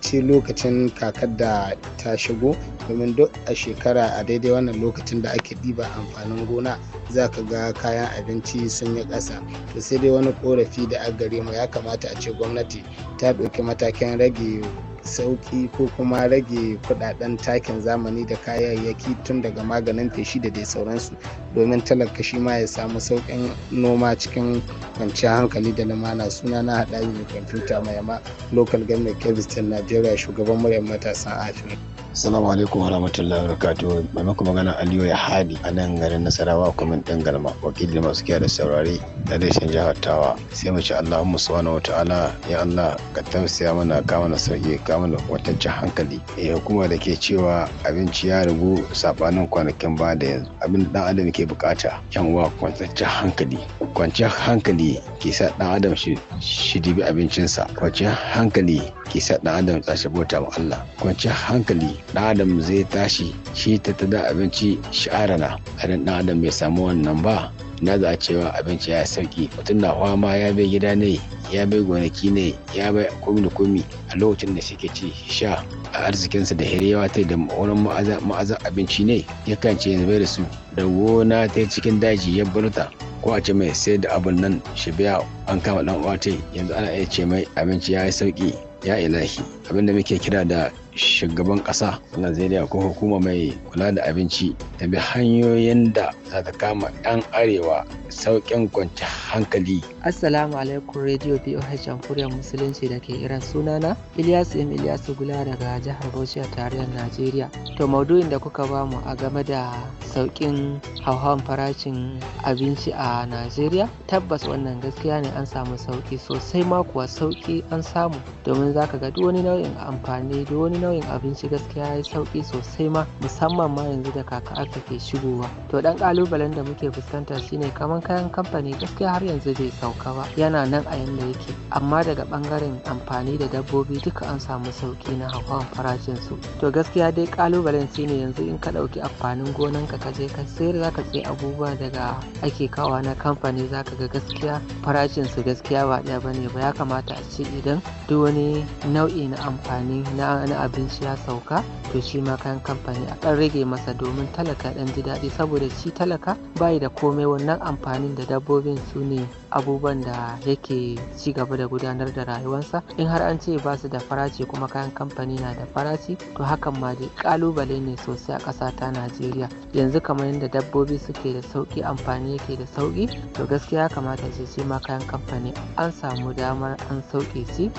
ce lokacin kakar da ta shigo domin duk a shekara a daidai wannan lokacin da ake ɗiba amfanin gona za ka ga kayan abinci sun yi ƙasa to sai dai wani korafi da a gare mu ya kamata a ce gwamnati ta ɗauki matakin rage sauki ko kuma rage kudaden takin zamani da kayayyaki tun daga maganin feshi da dai sauransu domin talaka shi ma ya samu saukin noma cikin kwanciyar hankali da lumana suna na haɗari da kwamfuta mai yamma local government kebis najeriya shugaban muryar matasan afirka Salamu alaikum wa rahmatullahi wa barakatuh. Mai maka magana Aliyu ya hadi a nan garin Nasarawa kuma ɗan galma wakili masu kiyaye da saurari da reshen jihar Tawa. Sai mu ci Allahumma subhanahu wa ta'ala ya Allah ka tausaya mana kama na sauki kama na wataccen hankali. Ya eh, hukuma da ke cewa abinci ya rigu sabanin kwanakin ba da yanzu. Abin da dan adam ke bukata yan uwa kwantaccen hankali. Kwanciyar hankali ke sa dan adam shi dibi abincinsa. Kwanciyar hankali ke sa dan adam tsashe bauta wa Allah. Kwanciyar hankali ɗan adam zai tashi shi ta tada abinci sha'arana idan ɗan adam bai samu wannan ba na za cewa abinci ya sauki mutum na fama ya bai gida ne ya bai gonaki ne ya bai komi da komi a lokacin da shi ke ci sha a arzikinsa da yawa ta da wani ma'azan abinci ne yakan ce yanzu bai da su da gona ta cikin daji ya barta ko a ce mai sai da abun nan shi biya an kama dan uwa yanzu ana iya ce mai abinci ya yi sauki ya ilahi abinda muke kira da shugaban ƙasa na Najeriya ko hukuma mai kula da abinci ta bi hanyoyin da za ta kama ɗan arewa sauƙin kwanci hankali. Assalamu alaikum Radio BOH Jamhuriyar Musulunci da ke Iran sunana Ilyasu M Ilyasu Gula daga jihar Bauchi a tarayyar Najeriya. To maudu'in da kuka ba mu a game da sauƙin hauhawan farashin abinci a Najeriya tabbas wannan gaskiya ne an samu sauƙi sosai ma kuwa sauƙi an samu domin za ka ga duk wani nau'in amfani duk wani nau'in abinci gaskiya ya yi sauƙi sosai ma musamman ma yanzu da kaka aka ke shigowa to dan kalubalen da muke fuskanta shine kamar kayan kamfani gaskiya har yanzu bai sauka ba yana nan a yanda yake amma daga bangaren amfani da dabbobi duka an samu sauƙi na hawan farashin su to gaskiya dai kalubalen shine yanzu in ka ɗauki amfanin gonanka ka je ka sayar zaka sai abubuwa daga ake kawa na kamfani zaka ga gaskiya farashin su gaskiya ba ɗaya bane ba ya kamata a ce idan duk wani nau'i na amfani na abinci abinci ya sauka to shi ma kayan kamfani a ɗan rage masa domin talaka ɗan ji daɗi saboda shi talaka bayi da komai wannan amfanin da dabbobin su ne abubuwan da yake ci gaba da gudanar da rayuwarsa in har an ce ba su da faraci kuma kayan kamfani na da faraci to hakan ma dai kalubale ne sosai a ƙasa ta najeriya yanzu kamar yadda dabbobi suke da sauki amfani yake da sauki to gaskiya ya kamata ce shi ma kayan kamfani an samu damar an sauke shi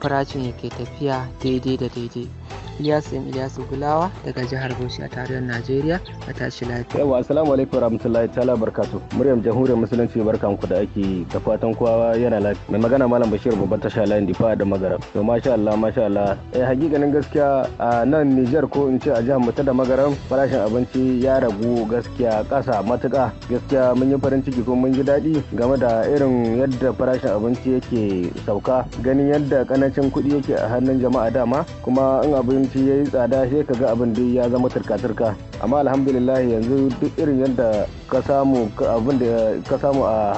farashin yake tafiya daidai da daidai Ilyasu Ilyasu Gulawa daga jihar Bauchi a tarayyar Najeriya a tashi lafiya. Yawa assalamu alaikum warahmatullahi ta'ala barkatu. Muryar Jamhuriyar Musulunci barkan ku da ake da fatan kowa yana lafiya. Mai magana Malam Bashir babban tasha layin difa da Magarab. To masha Allah masha Allah. Eh hakikanin gaskiya a nan Niger ko in ce a jihar mu da Magarab farashin abinci ya ragu gaskiya ƙasa matuƙa. Gaskiya mun yi farin ciki ko mun ji daɗi game da irin yadda farashin abinci yake sauka ganin yadda ƙananan karancin kuɗi yake a hannun jama'a dama kuma in abinci ya yi tsada sai ka ga abin da ya zama turka-turka amma alhamdulillah yanzu duk irin yadda ka samu abin da ka samu a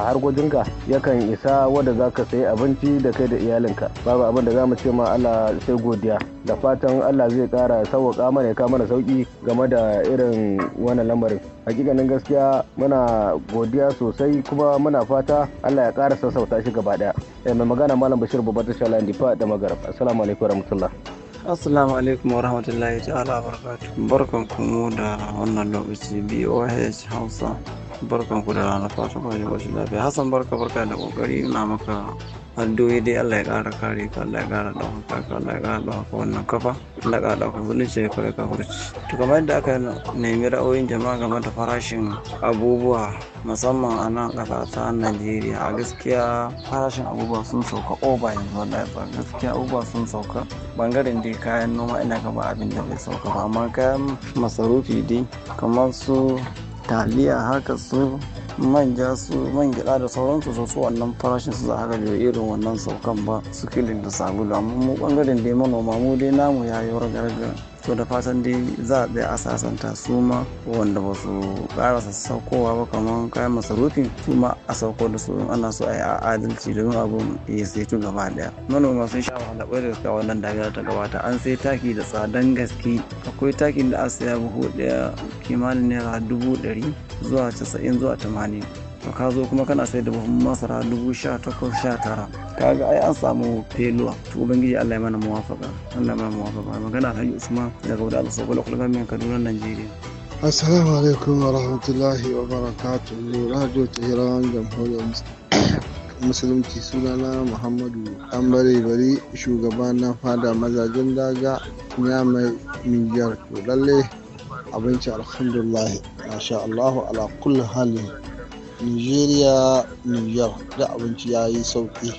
yakan isa wanda za ka sayi abinci da kai da iyalinka babu abin da za mu ce ma Allah sai godiya da fatan Allah zai kara sauwaka mana ya mana sauki game da irin wannan lamarin hakikanin gaskiya muna godiya sosai kuma muna fata Allah ya kara sassauta shi gaba daya eh, mai magana malam Bashir babatar Tasha da Magarab assalamu alaikum warahmatullahi Assalamu alaikum wa rahmatullahi ta'ala barkatu. Barkan kuma da wannan lokaci BOH Hausa. barkan ku da rana fatan ku da wasu lafiya hassan barka barka da kokari ina maka addu'o'i dai Allah ya ƙara kare ka Allah ya ƙara ɗaukaka ka Allah ya ƙara ɗaukaka wannan kafa Allah ya ƙara ɗaukaka zulunci ya kare ka furci to kamar yadda aka nemi ra'ayoyin jama'a game da farashin abubuwa musamman a nan ƙasa ta Najeriya a gaskiya farashin abubuwa sun sauka oba yanzu wallahi ba gaskiya abubuwa sun sauka bangaren dai kayan noma ina ba abin da bai sauka ba amma kayan masarufi dai kamar su taliya haka su manja su man gyaɗa da sauransu su su wannan farashin su za haka da irin wannan saukan ba su kilin da sabulu amma mu bangaren dai manoma mu dai namu ya yi ragargara to da fatan dai za a a sasanta su ma wanda ba su karasa saukowa ba kamar kayan masarufin su ma a sauko da su ana so a yi adalci domin abin ya tu gaba daya manoma sun sha wahala ɓoye da wannan damina ta gabata an sai taki da tsadan gaske akwai takin da a saya buhu ɗaya kimanin naira dubu ɗari zuwa casa'in zuwa tamanin to ka zo kuma kana sai da buhun masara dubu sha takwas sha tara kaga ai an samu feluwa to ubangiji Allah ya mana muwafaka Allah ya mana muwafaka magana Alhaji Usman daga Wadal Sokola min Kaduna Najeriya Assalamu alaikum wa rahmatullahi wa barakatuhu Radio Tehran Jamhuriyar Musulunci sunana Muhammadu Ambare Bari shugaba na fada mazajen daga ya mai mijiyar to lalle abinci alhamdulillah masha Allahu ala kulli halin nigeria new york da abinci ya yi sauki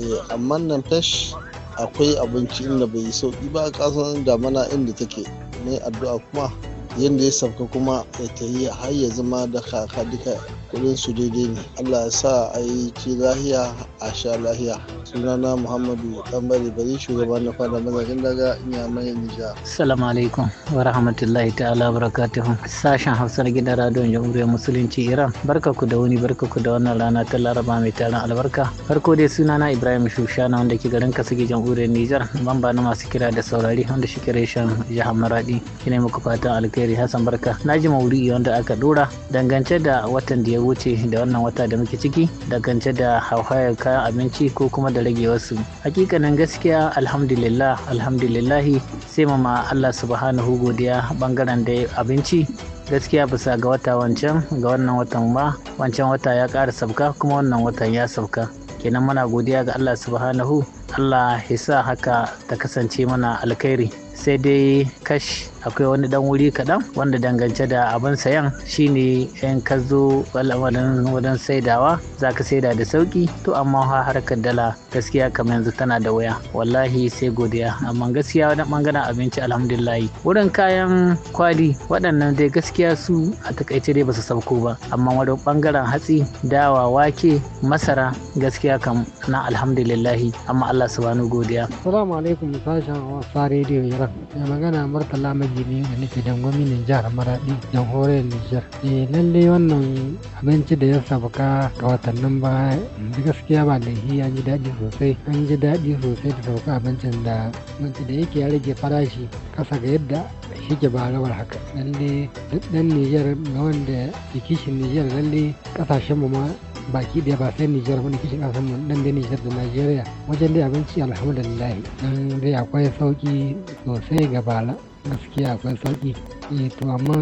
eh, amma nan fesh akwai abinci inda bai yi sauki ba a kasan damana inda take ne addu'a kuma yadda ya sauka kuma ya ta yi har ya zama da kaka duka kudin su daidai ne allah ya sa a yi ci lahiya a sha lahiya sunana muhammadu ɗanbari bari shugaban na fada mazajen daga mai nija salamu alaikum wa rahmatullahi ta'ala barakatuhu sashen hausa na gidan radon jamhuriyar musulunci iran barka ku da wuni barka ku da wannan rana ta laraba mai taron albarka farko dai sunana ibrahim shushana wanda ke garin kasige jamhuriyar nijar bamba na masu kira da saurari wanda shi kira shan jihar maradi ina muku fatan alkai alheri Hassan Barka na ji maulidi wanda aka dora dangance da watan da ya wuce da wannan wata da muke ciki dangance da hauhayar kayan abinci ko kuma da rage wasu hakikanin gaskiya alhamdulillah alhamdulillahi sai ma Allah subhanahu godiya bangaren da abinci gaskiya bisa ga wata wancan ga wannan watan ma wancan wata ya ƙara sabka kuma wannan watan ya sabka kenan muna godiya ga Allah subhanahu Allah ya sa haka ta kasance mana alkhairi sai dai kash akwai wani dan wuri kaɗan wanda dangance da abin sayan shine in ka zo al'amarin wajen saidawa za ka saida da sauki to amma harkar dala gaskiya kamar yanzu tana da waya wallahi sai godiya amma gaskiya wani bangaren abinci alhamdulillahi wurin kayan kwali waɗannan dai gaskiya su a takaice dai basu sauko ba amma wani bangaren hatsi dawa wake masara gaskiya kam na alhamdulillahi amma Allah subhanahu godiya assalamu alaikum sashen wasa rediyo yaran mai magana murtala mai gini da don gwami ne jihar maradi jamhuriyar nijar e lalle wannan abinci da ya sabaka ga watannin baya gaskiya ba da laifi an ji daɗi sosai an ji daɗi sosai da sauka abincin da da yake ya rage farashi ƙasa ga yadda shi ke ba rawar haka lalle duk ɗan nijar ga wanda ke kishin nijar lalle ƙasashen mu ma baki daya ba sai Nijar wani kishin kasan mu dan da Nijar da Najeriya wajen dai abinci alhamdulillah dan dai akwai sauki sosai ga bala gaskiya akwai sauki eh, to amma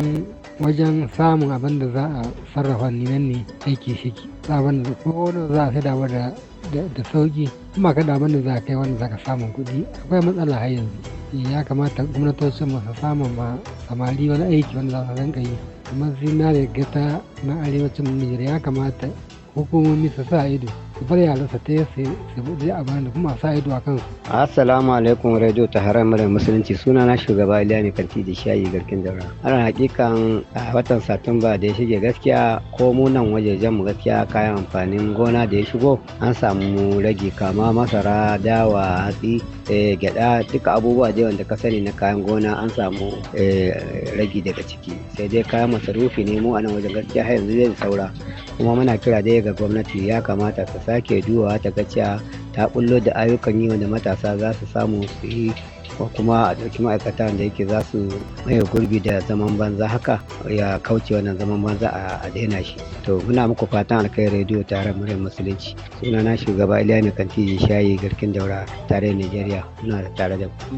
wajen samun abin da za a sarrafa ni nan ne aiki shiki abin da ko za a saida da sauki kuma ka da za a kai wanda za ka samun kuɗi akwai matsala har yanzu eh, ya kamata gwamnatocin masu samun ma samari wani aiki wanda za su rinka yi kamar zinare gata na arewacin Nijar ya kamata hukumomi su sa ido su yalan sa ta yi sai buɗe a bani kuma sa ido a kansu. assalamu alaikum radio ta haram musulunci suna na shugaba iliya ne kanti da shayi garkin jara ana hakikan a watan satumba da ya shige gaskiya ko munan wajejen mu gaskiya kayan amfanin gona da ya shigo an samu rage kama masara dawa hatsi eh, gyada duka abubuwa da wanda ka sani na kayan gona an samu eh, ragi daga ciki sai dai kayan masarufi ne mu a nan wajen gaskiya har yanzu zai saura kuma muna kira dai ga gwamnati ya kamata ta sa. sake dubawa ta ga cewa ta bullo da ayyukan yi wanda matasa za su samu su yi ko kuma a ɗauki ma'aikata da yake za su maye gurbi da zaman banza haka ya kauce wannan zaman banza a daina shi to muna muku fatan alkai rediyo tare muryar musulunci suna na shugaba iliya mai kanti shayi garkin daura tare nigeria muna da tare da ku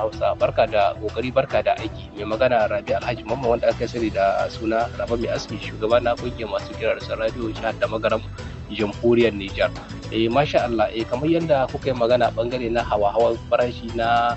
hausa barka da kokari barka da aiki mai magana rabi alhaji mamman wanda aka sani da suna rabe mai aski shugaba na kungiyar masu kirar radio jihar da mu. jamhuriyar Nijar. Eh masha Allah e, kamar yadda kuka yi magana bangare na hawa-hawan farashi na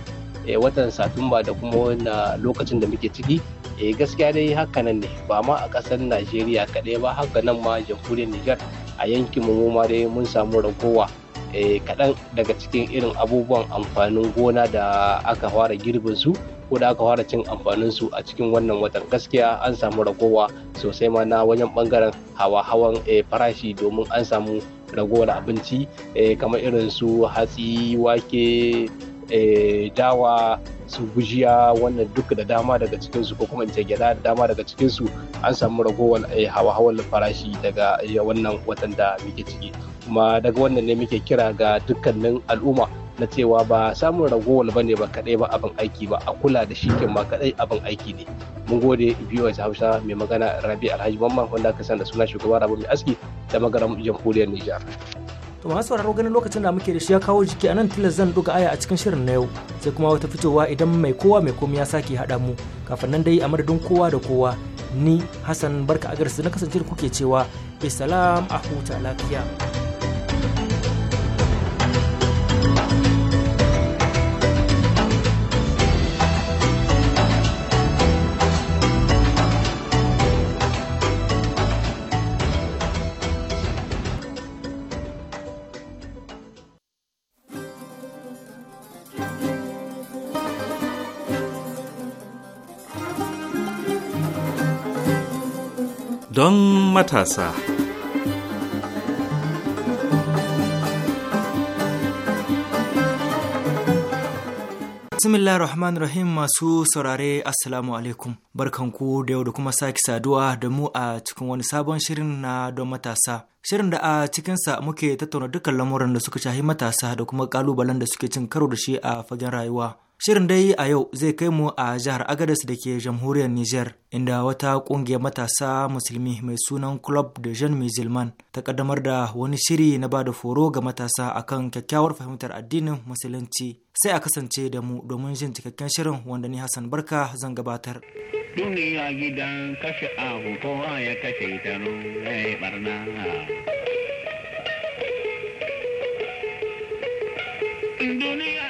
eh, watan Satumba da kuma wannan lokacin da muke ciki eh gaskiya dai hakanan ne ba ma a ƙasar Najeriya kaɗai ba haka nan ma jamhuriyar Nijar a yankin mu ma dai mun samu ragowa Eh, kaɗan daga cikin irin abubuwan amfanin gona da aka fara girbin su ko da aka fara cin amfanin su a cikin wannan watan gaskiya an samu ragowa sosai ma na wajen bangaren hawa-hawan eh, farashi domin an samu ragowar abinci eh, kamar irin su hatsi wake dawa su gujiya wannan duk da dama daga cikin su ko kuma ce gyada da dama daga cikin su an samu ragowar hawa-hawan farashi daga wannan watan da muke ciki kuma daga wannan ne muke kira ga dukkanin al'umma na cewa ba samun ragowar bane ba kadai ba abin aiki ba a kula da shi ma kadai abin aiki ne mun gode biyu a hausa mai magana rabi alhaji mamman wanda aka san da suna shugaban rabu mai aski da magaram jamhuriyar nijar to masu sauraro ganin lokacin da muke da shi ya kawo jiki a nan tilas zan duga aya a cikin shirin na yau sai kuma wata fitowa idan mai kowa mai komai ya sake haɗa mu kafin nan dai a madadin kowa da kowa ni hassan barka agarsu na kasance da kuke cewa bisalam a huta lafiya. don matasa. Bismillah Rahman Rahim masu saurare Assalamu alaikum. Barkanku da yau da kuma sake saduwa da mu a cikin wani sabon shirin na don matasa. Shirin da a cikinsa muke tattauna dukkan lamuran da suka shahi matasa da kuma kalubalen da suke cin karo da shi a fagen rayuwa. Shirin dai a yau zai kai mu a jihar Agadez da ke jamhuriyar Nijar, inda wata ƙungiyar matasa musulmi mai sunan Club de Jean Musulman ta kaddamar da wani shiri na bada foro ga matasa akan kyakkyawar fahimtar addinin musulunci. Sai a kasance da mu domin jin cikakken shirin wanda ni Hassan Barka zan gabatar. Duniya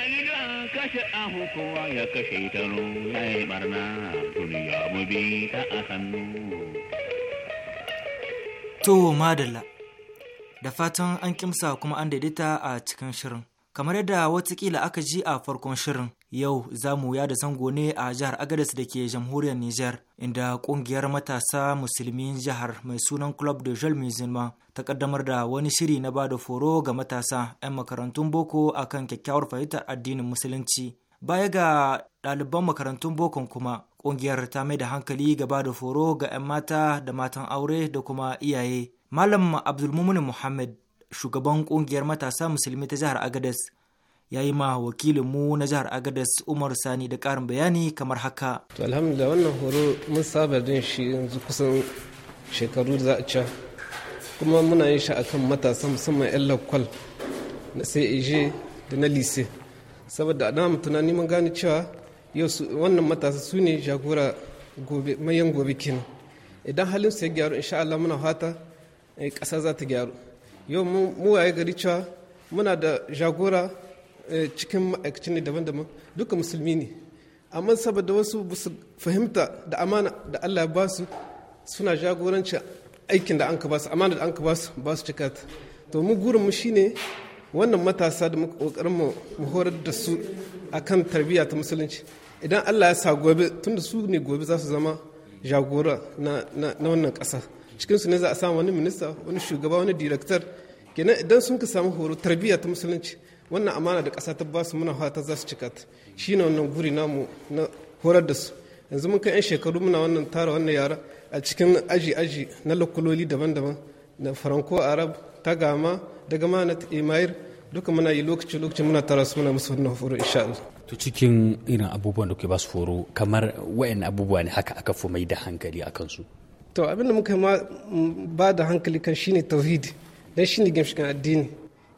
kashe ahu kowa ya kashe taro ya yi barna duniya mu bi ta a hannu. To madalla, da fatan an kimsa kuma an daidaita a cikin shirin. kamar yadda watakila aka ji a farkon shirin yau za mu yada zango ne a jihar agadez da ke jamhuriyar niger inda kungiyar matasa musulmin jihar mai sunan club de jol musulman ta kaddamar da wani shiri na ba da foro ga matasa 'yan makarantun boko a kan kyakkyawar fahimtar addinin musulunci baya ga ɗaliban makarantun bokon kuma kungiyar ta mai da hankali ga ba da foro ga 'yan mata da matan aure da kuma iyaye malam abdulmumin muhammad shugaban kungiyar matasa musulmi ta jihar Agadez ya yi ma wakilinmu na jihar Agadez Umar Sani da karin bayani kamar haka. To alhamdulillah wannan horo mun saba din shi yanzu kusan shekaru za a ca kuma muna yin shi akan matasa musamman 'yan lakwal na sai da na lise saboda a dama tunani mun gane cewa yau wannan matasa su ne jagora mayan gobe kenan idan halin su ya gyaru insha Allah muna fata eh, ƙasa za ta gyaru yau mu waye gari cewa muna da jagora eh, cikin ma'aikacin ne daban-daban duka musulmi ne amma saboda wasu fahimta da amana da Allah ya basu suna jagorancin aikin da an ka basu amana da an ka basu ba su cika ta to mu gurin mu shine wannan matasa da muka kokarin mu horar da su akan tarbiyya ta musulunci idan Allah ya sa gobe tunda su ne gobe za su zama jagora na wannan ƙasa cikin su ne za a samu wani minista wani shugaba wani director kenan idan sun ka samu horo tarbiyya ta musulunci wannan amana da ƙasa ta ba su muna fata za su cika ta shi ne wannan guri namu na horar da su yanzu mun kai 'yan shekaru muna wannan tara wannan yara a cikin aji-aji na lokuloli daban-daban na faranko arab tagama da gama na imayir duka muna yi lokaci-lokaci muna tara su muna musu wannan horo insha Allah. To cikin irin abubuwan da ke ba su horo kamar wa'in abubuwa ne haka aka fi mai da hankali a kansu. to abinda muka ma mm, ba da hankali kan shine tauhidi dan shine gamshikan addini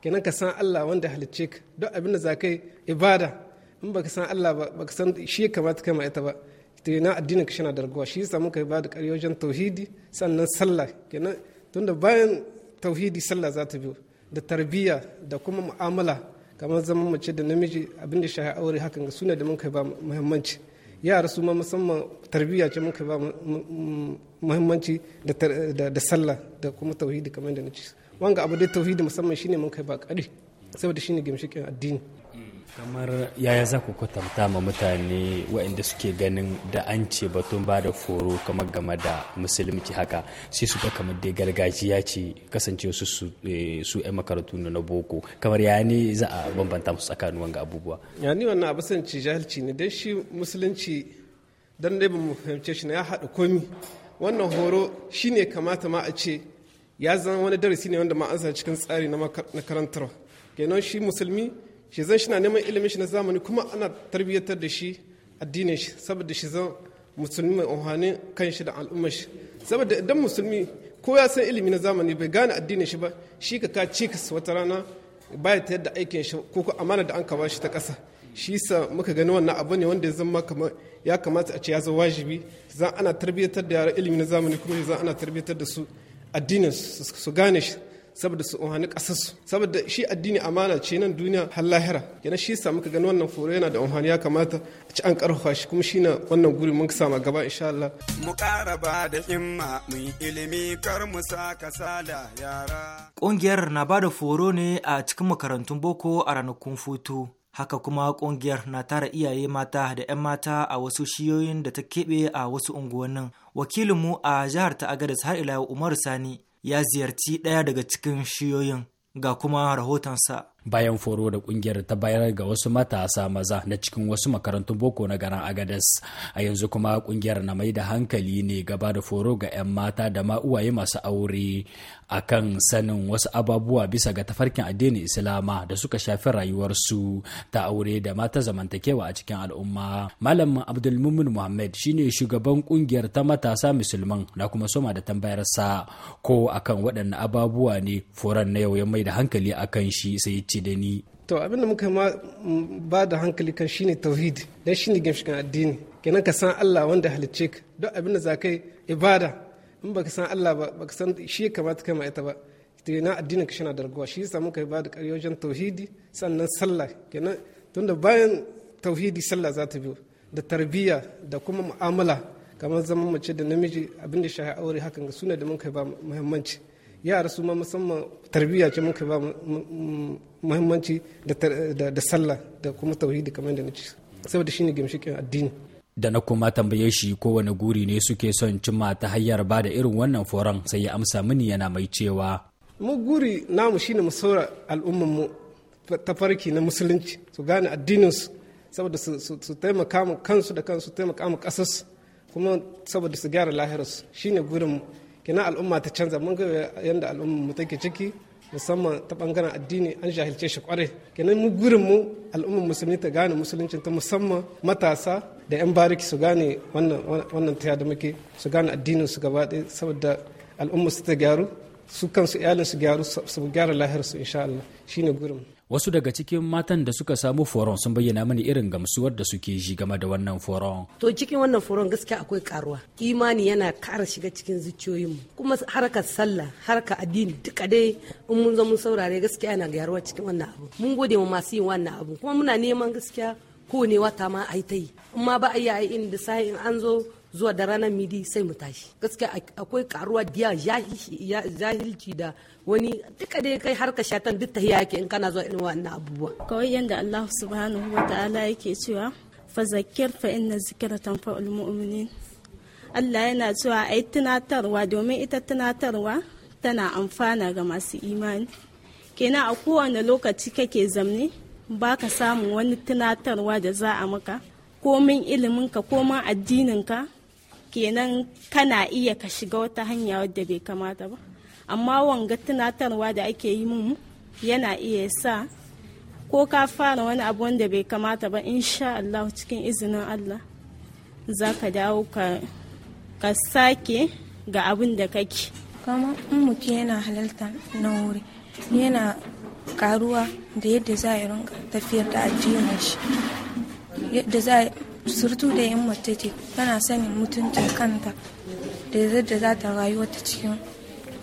kenan ka san Allah wanda halicce ka duk abinda za ka yi ibada in baka san Allah ba baka san shi kamata kai ita ba to yana addinin ka shine da shi yasa muka ba da ƙarfi wajen tauhidi sannan sallah kenan tunda bayan tauhidi sallah za ta biyo da tarbiyya da kuma mu'amala kamar zaman mace da namiji abinda shahi aure hakan ga suna da muka ba muhimmanci yara su ma musamman tarbiyya ce muka ba muhimmanci da sallah da kuma tauhidi kamar da na ci wanga abu dai tauhidi musamman shine mun kai ba kare saboda shine gimshikin addini kamar yaya za ku kwatanta ma mutane waɗanda suke ganin da an ce batun ba da foro kamar game da musulunci haka sai su ga kamar dai gargajiya ce kasance su su yan eh, makarantu na boko kamar ya ne za a bambanta musu tsakanin wanga abubuwa ya ni wannan abu sanci jahilci ne dan shi musulunci dan dai ba mu fahimce shi na ya haɗa komi wannan horo ne kamata ma a ce ya zama wani darasi ne wanda ma an cikin tsari na karantar kenan shi musulmi shi zan shi na neman ilimin shi na zamani kuma ana tarbiyyatar da shi addinin shi saboda shi zan musulmi mai unhanin kan shi da al'ummar shi saboda idan musulmi ko ya san ilimi na zamani bai gane addinin shi ba shi ka ka cikas wata rana baya ta yadda aikin shi ko amana da an ka shi ta ƙasa shi sa muka gani wannan abu ne wanda ya zama ya kamata a ce ya zama wajibi za ana tarbiyyatar da yaran ilimi na zamani kuma za ana tarbiyyatar da su addinin su gane shi saboda su unhani ƙasarsu saboda shi addini amana ce nan duniya har lahira yana shi sa muka gani wannan foro yana da unhani ya kamata a ci an karfafa shi kuma shi na wannan guri mun sama gaba insha Allah mu karaba da himma mu ilimi kar mu sa kasala yara ƙungiyar na bada foro ne a cikin makarantun boko a ranakun futu haka kuma kungiyar na tara iyaye mata da 'yan mata a wasu shiyoyin da ta keɓe a wasu unguwannin wakilinmu a jihar ta agadas har ila umaru sani ya ziyarci ɗaya daga cikin shiyoyin ga kuma rahotonsa bayan foro da kungiyar ta bayar ga wasu matasa maza na cikin wasu makarantun boko na garin agadas a yanzu kuma kungiyar na mai da hankali ne gaba da foro ga 'yan mata da ma uwaye masu aure a kan sanin wasu ababuwa bisa ga tafarkin addinin islama da suka shafi rayuwarsu ta aure da mata zamantakewa a cikin al'umma malam abdulmumin muhammad shine shugaban kungiyar ta matasa musulman na kuma soma da tambayarsa ko akan waɗannan ababuwa ne foron na yau ya mai da hankali akan shi sai ce da ni to abinda muka ma mm, ba da hankali kan shine tauhidi dan shine gamshikan addini kenan ka san Allah wanda halicce ka duk abinda za kai ibada in baka san Allah ba baka san shi ya kamata kai ma'aita ba kenan addinin ka shine da raguwa shi yasa muka ba da ƙarfi tauhidi sannan sallah kenan tunda bayan tauhidi sallah za ta biyo da tarbiyya da kuma mu'amala kamar zaman mace da namiji abinda shahi aure hakan ga suna da mun kai ba muhimmanci yara su ma musamman tarbiyya ce muka ba muhimmanci da sallah da kuma tauhidi kamar da nace saboda shine gimshikin addini da na kuma tambaye shi kowane guri ne suke son cimma ta hanyar ba da irin wannan foron sai ya amsa mini yana mai cewa mu guri namu shine mu saura al'ummar mu ta farki na musulunci su gane addinin su saboda su taimaka mu kansu da kansu taimaka mu kasarsu kuma saboda su gyara lahirarsu shine gurin kina al'umma ta canza mun ga yanda al'umma mu take ciki musamman ta bangaren addini an jahilce shi kwarai kenan mu gurin mu musulmi ta gane musuluncin ta musamman matasa da yan bariki su gane wannan wannan taya da muke su gane addinin su gaba ɗaya saboda al'ummar su ta gyaru su kansu iyalin su gyaru su gyara lahir su insha Allah shine gurin wasu daga cikin matan da suka samu foron sun bayyana mani irin gamsuwar da suke ji game da wannan foron to cikin wannan foron gaskiya akwai karuwa imani yana kara shiga cikin zuciyoyin kuma harkar sallah harkar addini duka dai in mun zo mun saurare gaskiya yana gayarwa cikin wannan abu mun gode mu masu yin wannan abu kuma muna neman gaskiya kowane wata ma a ta yi in ma ba a yi a yi in da sa'in an zo zuwa da ranar midi sai mu tashi gaskiya akwai karuwa diya jahilci da wani duka dai kai harka ka shatan duk ta yake in kana zuwa irin wannan abubuwa kawai yanda Allah subhanahu wa ta'ala yake cewa fa zakir fa inna zikra tanfa'ul mu'minin Allah yana cewa ai tunatarwa domin ita tunatarwa tana amfana ga masu imani kenan a kowane lokaci kake zamne ba ka samun wani tunatarwa da za a maka komin iliminka komin addininka kenan kana iya ka shiga wata hanya wadda bai kamata ba amma wanga tunatarwa da ake yi mun yana iya sa ko ka fara wani abu wanda bai kamata ba insha Allah cikin izinin Allah za ka dawo ka sake ga abin da kake kama in mutum yana halalta na wuri yana karuwa da yadda za a rinka tafiyar da ajiyar shi yadda za surtu da yin mace ce tana sanin mutuncin kanta da yadda za ta rayuwa ta cikin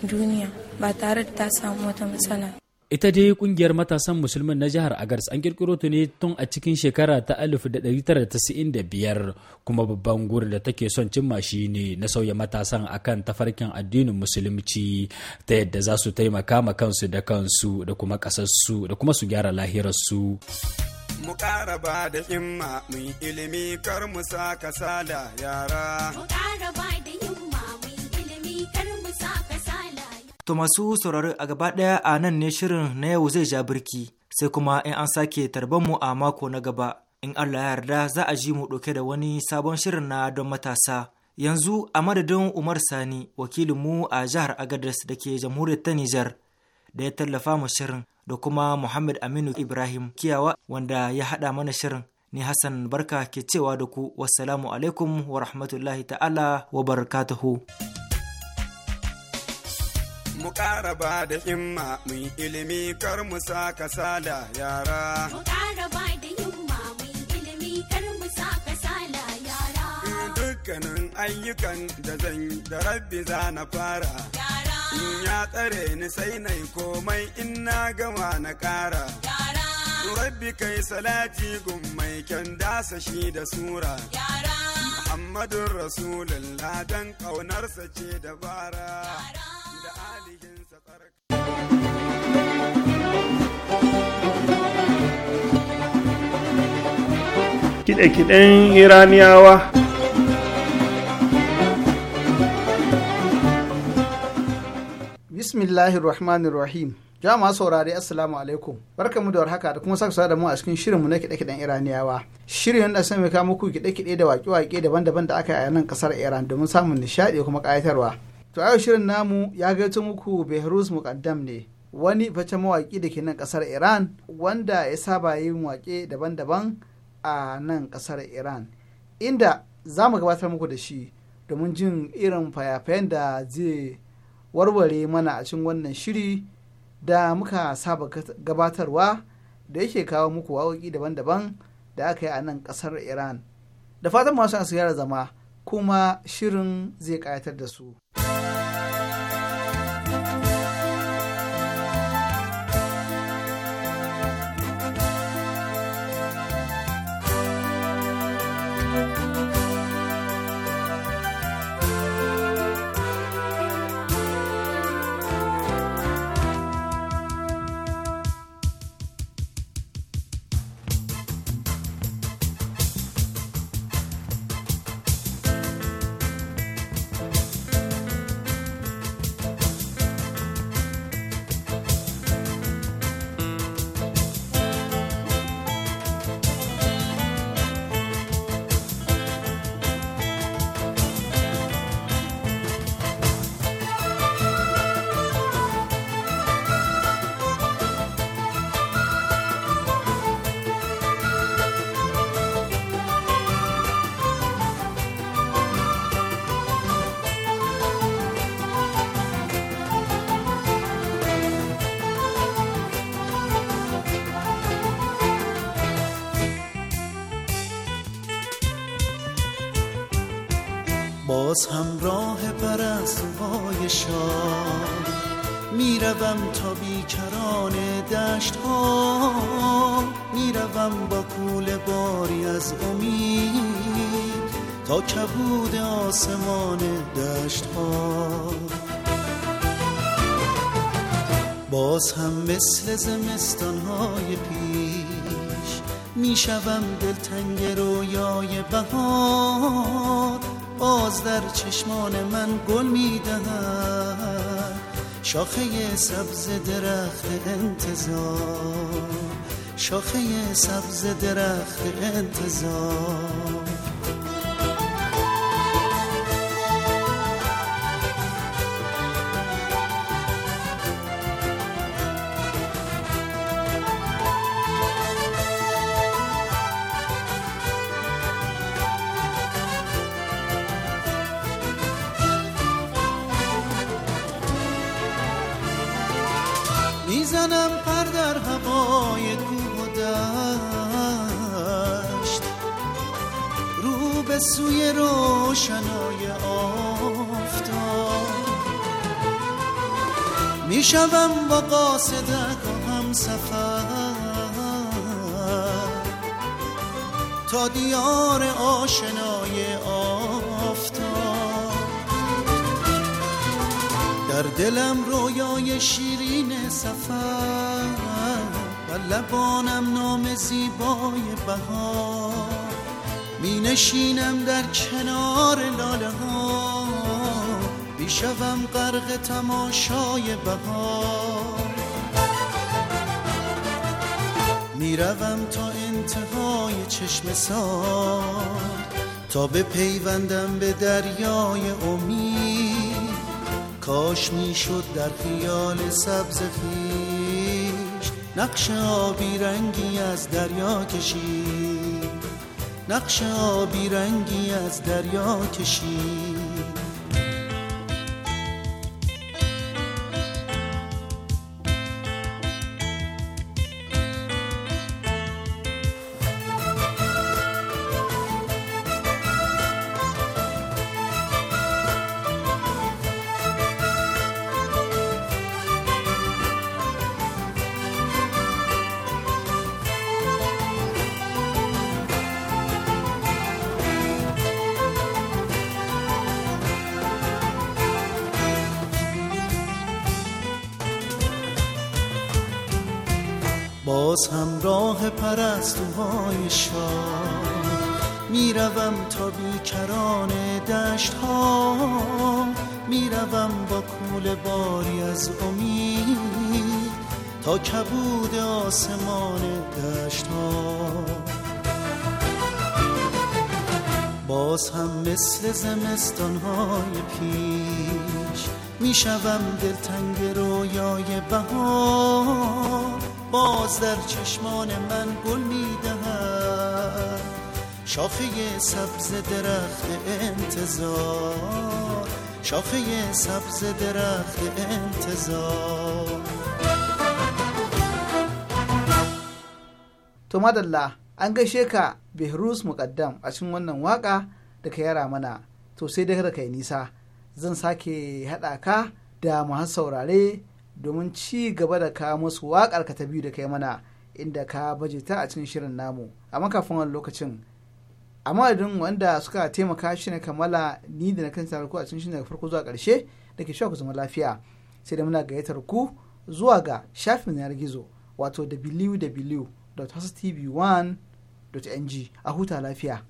duniya ba tare da ta samu wata matsala. Ita dai kungiyar matasan musulmin na jihar Agars an kirkiro ta ne tun a cikin shekara ta 1995 kuma babban guri da take son cimma shi ne na sauya matasan akan tafarkin addinin musulunci ta yadda za su taimaka ma kansu da kansu da kuma kasarsu da kuma su gyara lahirarsu. mu ƙara ba da himma mu yi ilimi kar mu sa kasala yara. To masu saurari a gaba ɗaya a nan ne shirin na yau zai ja birki sai kuma in an sake tarban mu a mako na gaba. In Allah ya yarda za a ji mu ɗauke da wani sabon shirin na don matasa. Yanzu a madadin Umar Sani wakilinmu a jihar Agadez da ke jamhuriyar ta Nijar. da ya tallafa mu shirin da kuma Muhammad Aminu Ibrahim Kiyawa wanda ya haɗa mana shirin. Ni Hassan Barka ke cewa da ku wassalamu alaikum wa rahmatullahi ta'ala wa barakatuhu. Mu ƙara ba da himma mu ilimi kar mu sa kasala yara. Mu ƙara ba da himma mu ilimi kar mu sa kasala yara. Eh, dukkanin ayyukan da zan da rabbi za na fara. Yara. in ya tsare ni sai na komai in na gama na ƙara rabbi kai salati gummai kyan dasa shi da sura muhammadun rasulullah don ƙaunarsa ce dabara da alihinsa kiɗe-kiɗen iraniyawa Bismillahir Rahmanir Rahim. Jama'a saurari Assalamu alaikum. Barkamu da warhaka da kuma saka da mu a cikin shirinmu na kiɗe-kiɗen Iraniyawa. Shirin da sai mai kawo muku kiɗe-kiɗe da waƙe-waƙe daban-daban da aka yi a nan ƙasar Iran domin samun nishaɗi kuma ƙayatarwa. To yau shirin namu ya gaito muku Behruz Muqaddam ne. Wani facen mawaƙi da ke nan kasar Iran wanda ya saba yin waƙe daban-daban a nan kasar Iran. Inda za mu gabatar muku da shi domin jin irin fayafayen da zai warware mana a cikin wannan shiri da muka saba gabatarwa da yake kawo muku waƙoƙi daban-daban da aka yi a nan ƙasar iran da fatan masu yara zama kuma shirin zai ƙayatar da su. باز همراه پرستوهای شاه میروم تا بیکران دشت ها میروم با کول باری از امید تا کبود آسمان دشت ها باز هم مثل زمستان های پیش میشوم دلتنگ رویای بهار باز در چشمان من گل میدهد شاخه سبز درخت انتظار شاخه سبز درخت انتظار صدق هم سفر تا دیار آشنای آفتاب در دلم رویای شیرین سفر و لبانم نام زیبای بهار می نشینم در کنار لاله ها می شوم غرق تماشای بهار میروم تا انتهای چشم سار تا به پیوندم به دریای امید کاش میشد در خیال سبز خیش نقش آبی رنگی از دریا کشید نقش آبی رنگی از دریا کشید وای شاه میروم تا بیکران دشت ها میروم با کول باری از امید تا کبود آسمان دشت ها باز هم مثل زمستان های پیش میشوم دلتنگ رویای بهار باز در چشمان من گل می شاخه سبز درخت انتظار شاخه سبز درخت انتظار to madalla an gaishe ka behrus Mukaddam a cikin wannan waka da ka yara mana to sai dai yi nisa zan sake haɗa ka da masu saurare domin ci gaba da ka musu wakar ka ta biyu da kai mana inda ka baje ta a cikin shirin namu amma kafin wani lokacin a madadin wanda suka taimaka shi na kammala ni da na kan ku a cikin shi daga farko zuwa karshe da ke ku zama lafiya sai da muna gayyatar ku zuwa ga shafin yanar gizo wato www.hostv1.ng a huta lafiya.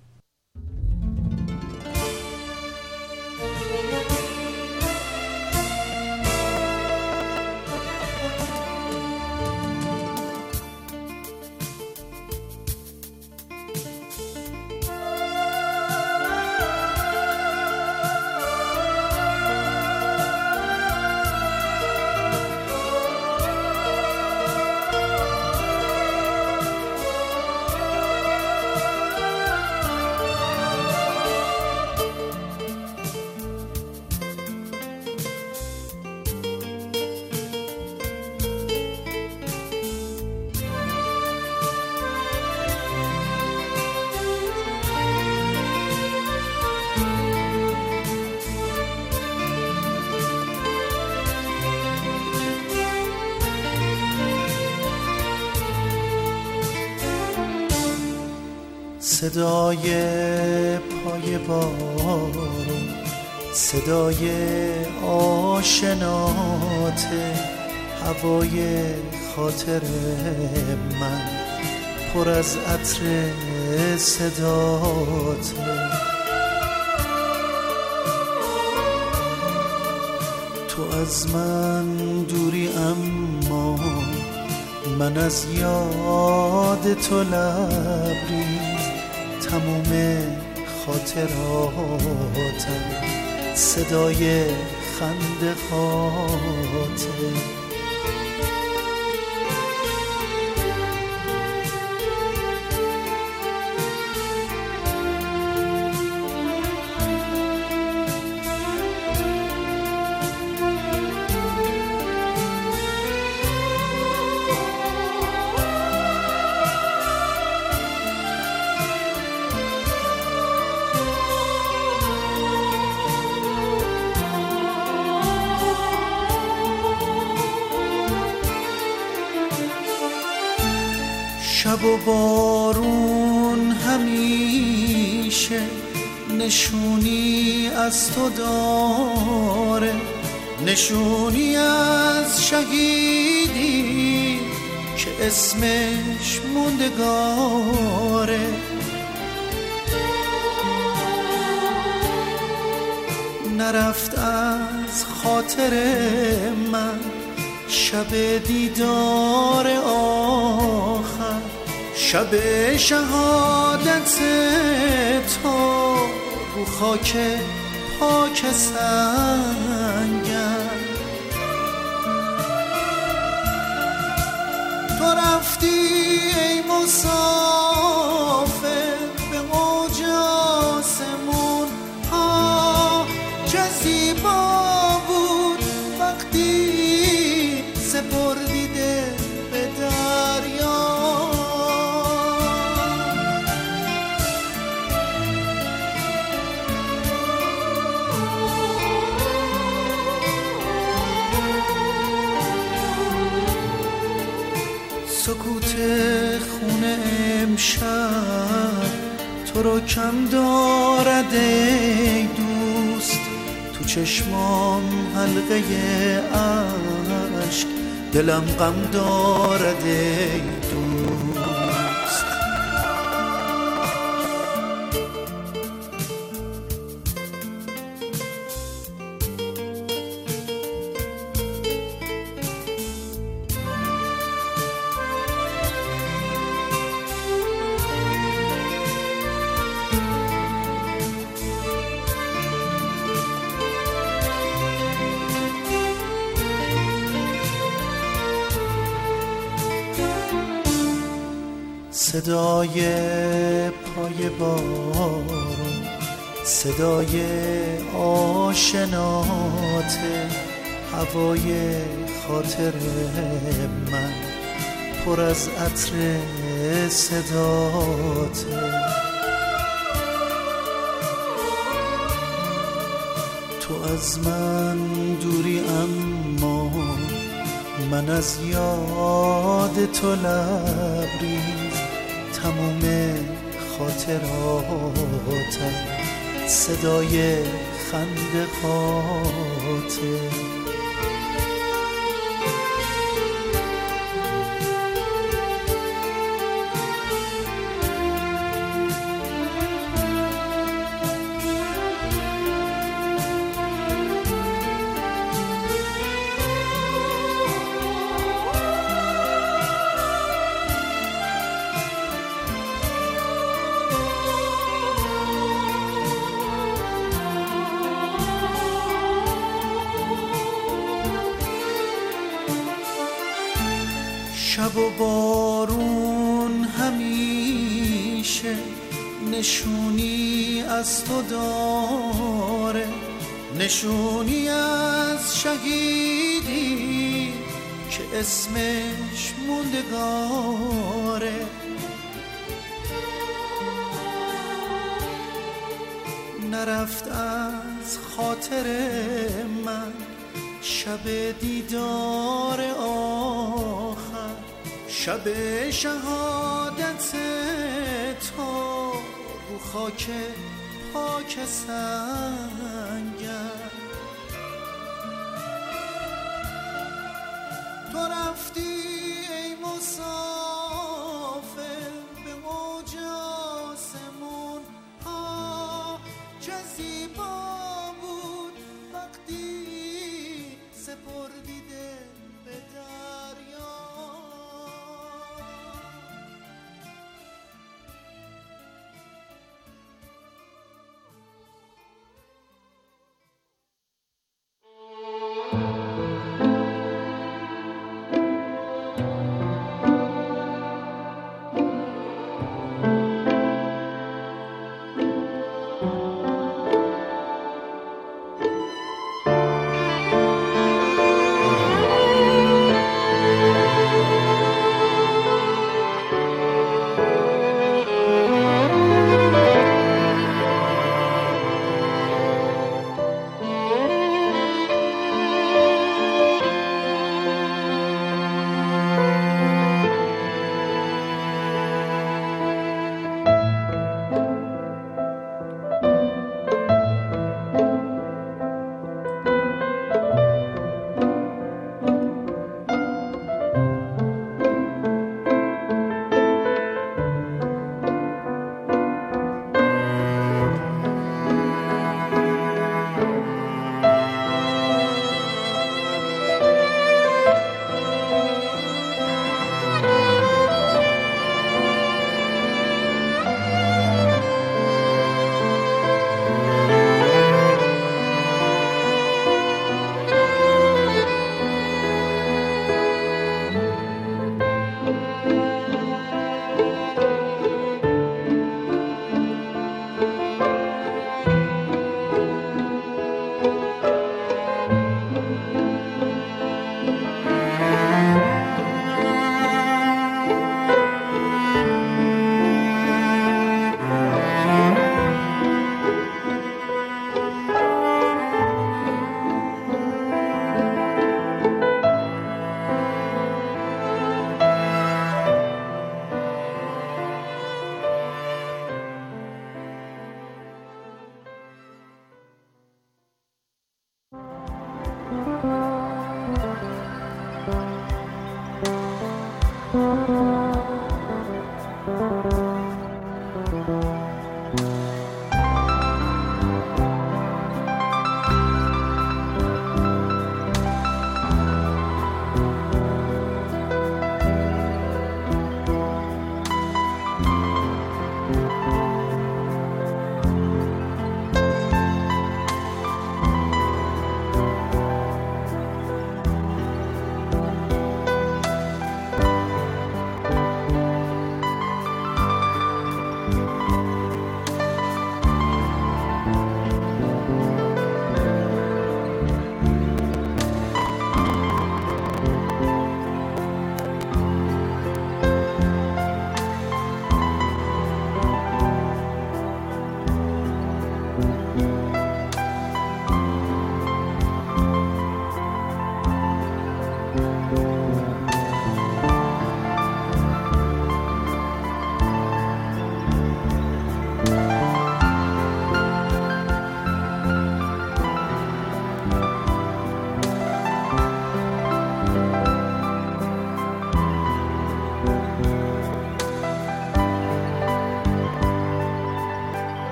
صدای پای بارون صدای آشنات هوای خاطر من پر از عطر صدات تو از من دوری اما من از یاد تو لبری تموم خاطراتم صدای خنده خاطر شهادت تو رو خاک پاک سر سکوت خونه امشب تو رو کم دارد ای دوست تو چشمام حلقه عشق دلم غم دارد ای صدای پای بارون صدای آشنات هوای خاطر من پر از عطر صدات تو از من دوری اما من از یاد تو لب تمام خاطراتم صدای خنده خاطر رفت از خاطر من شب دیدار آخر شب شهادت تو رو خاک پاک سر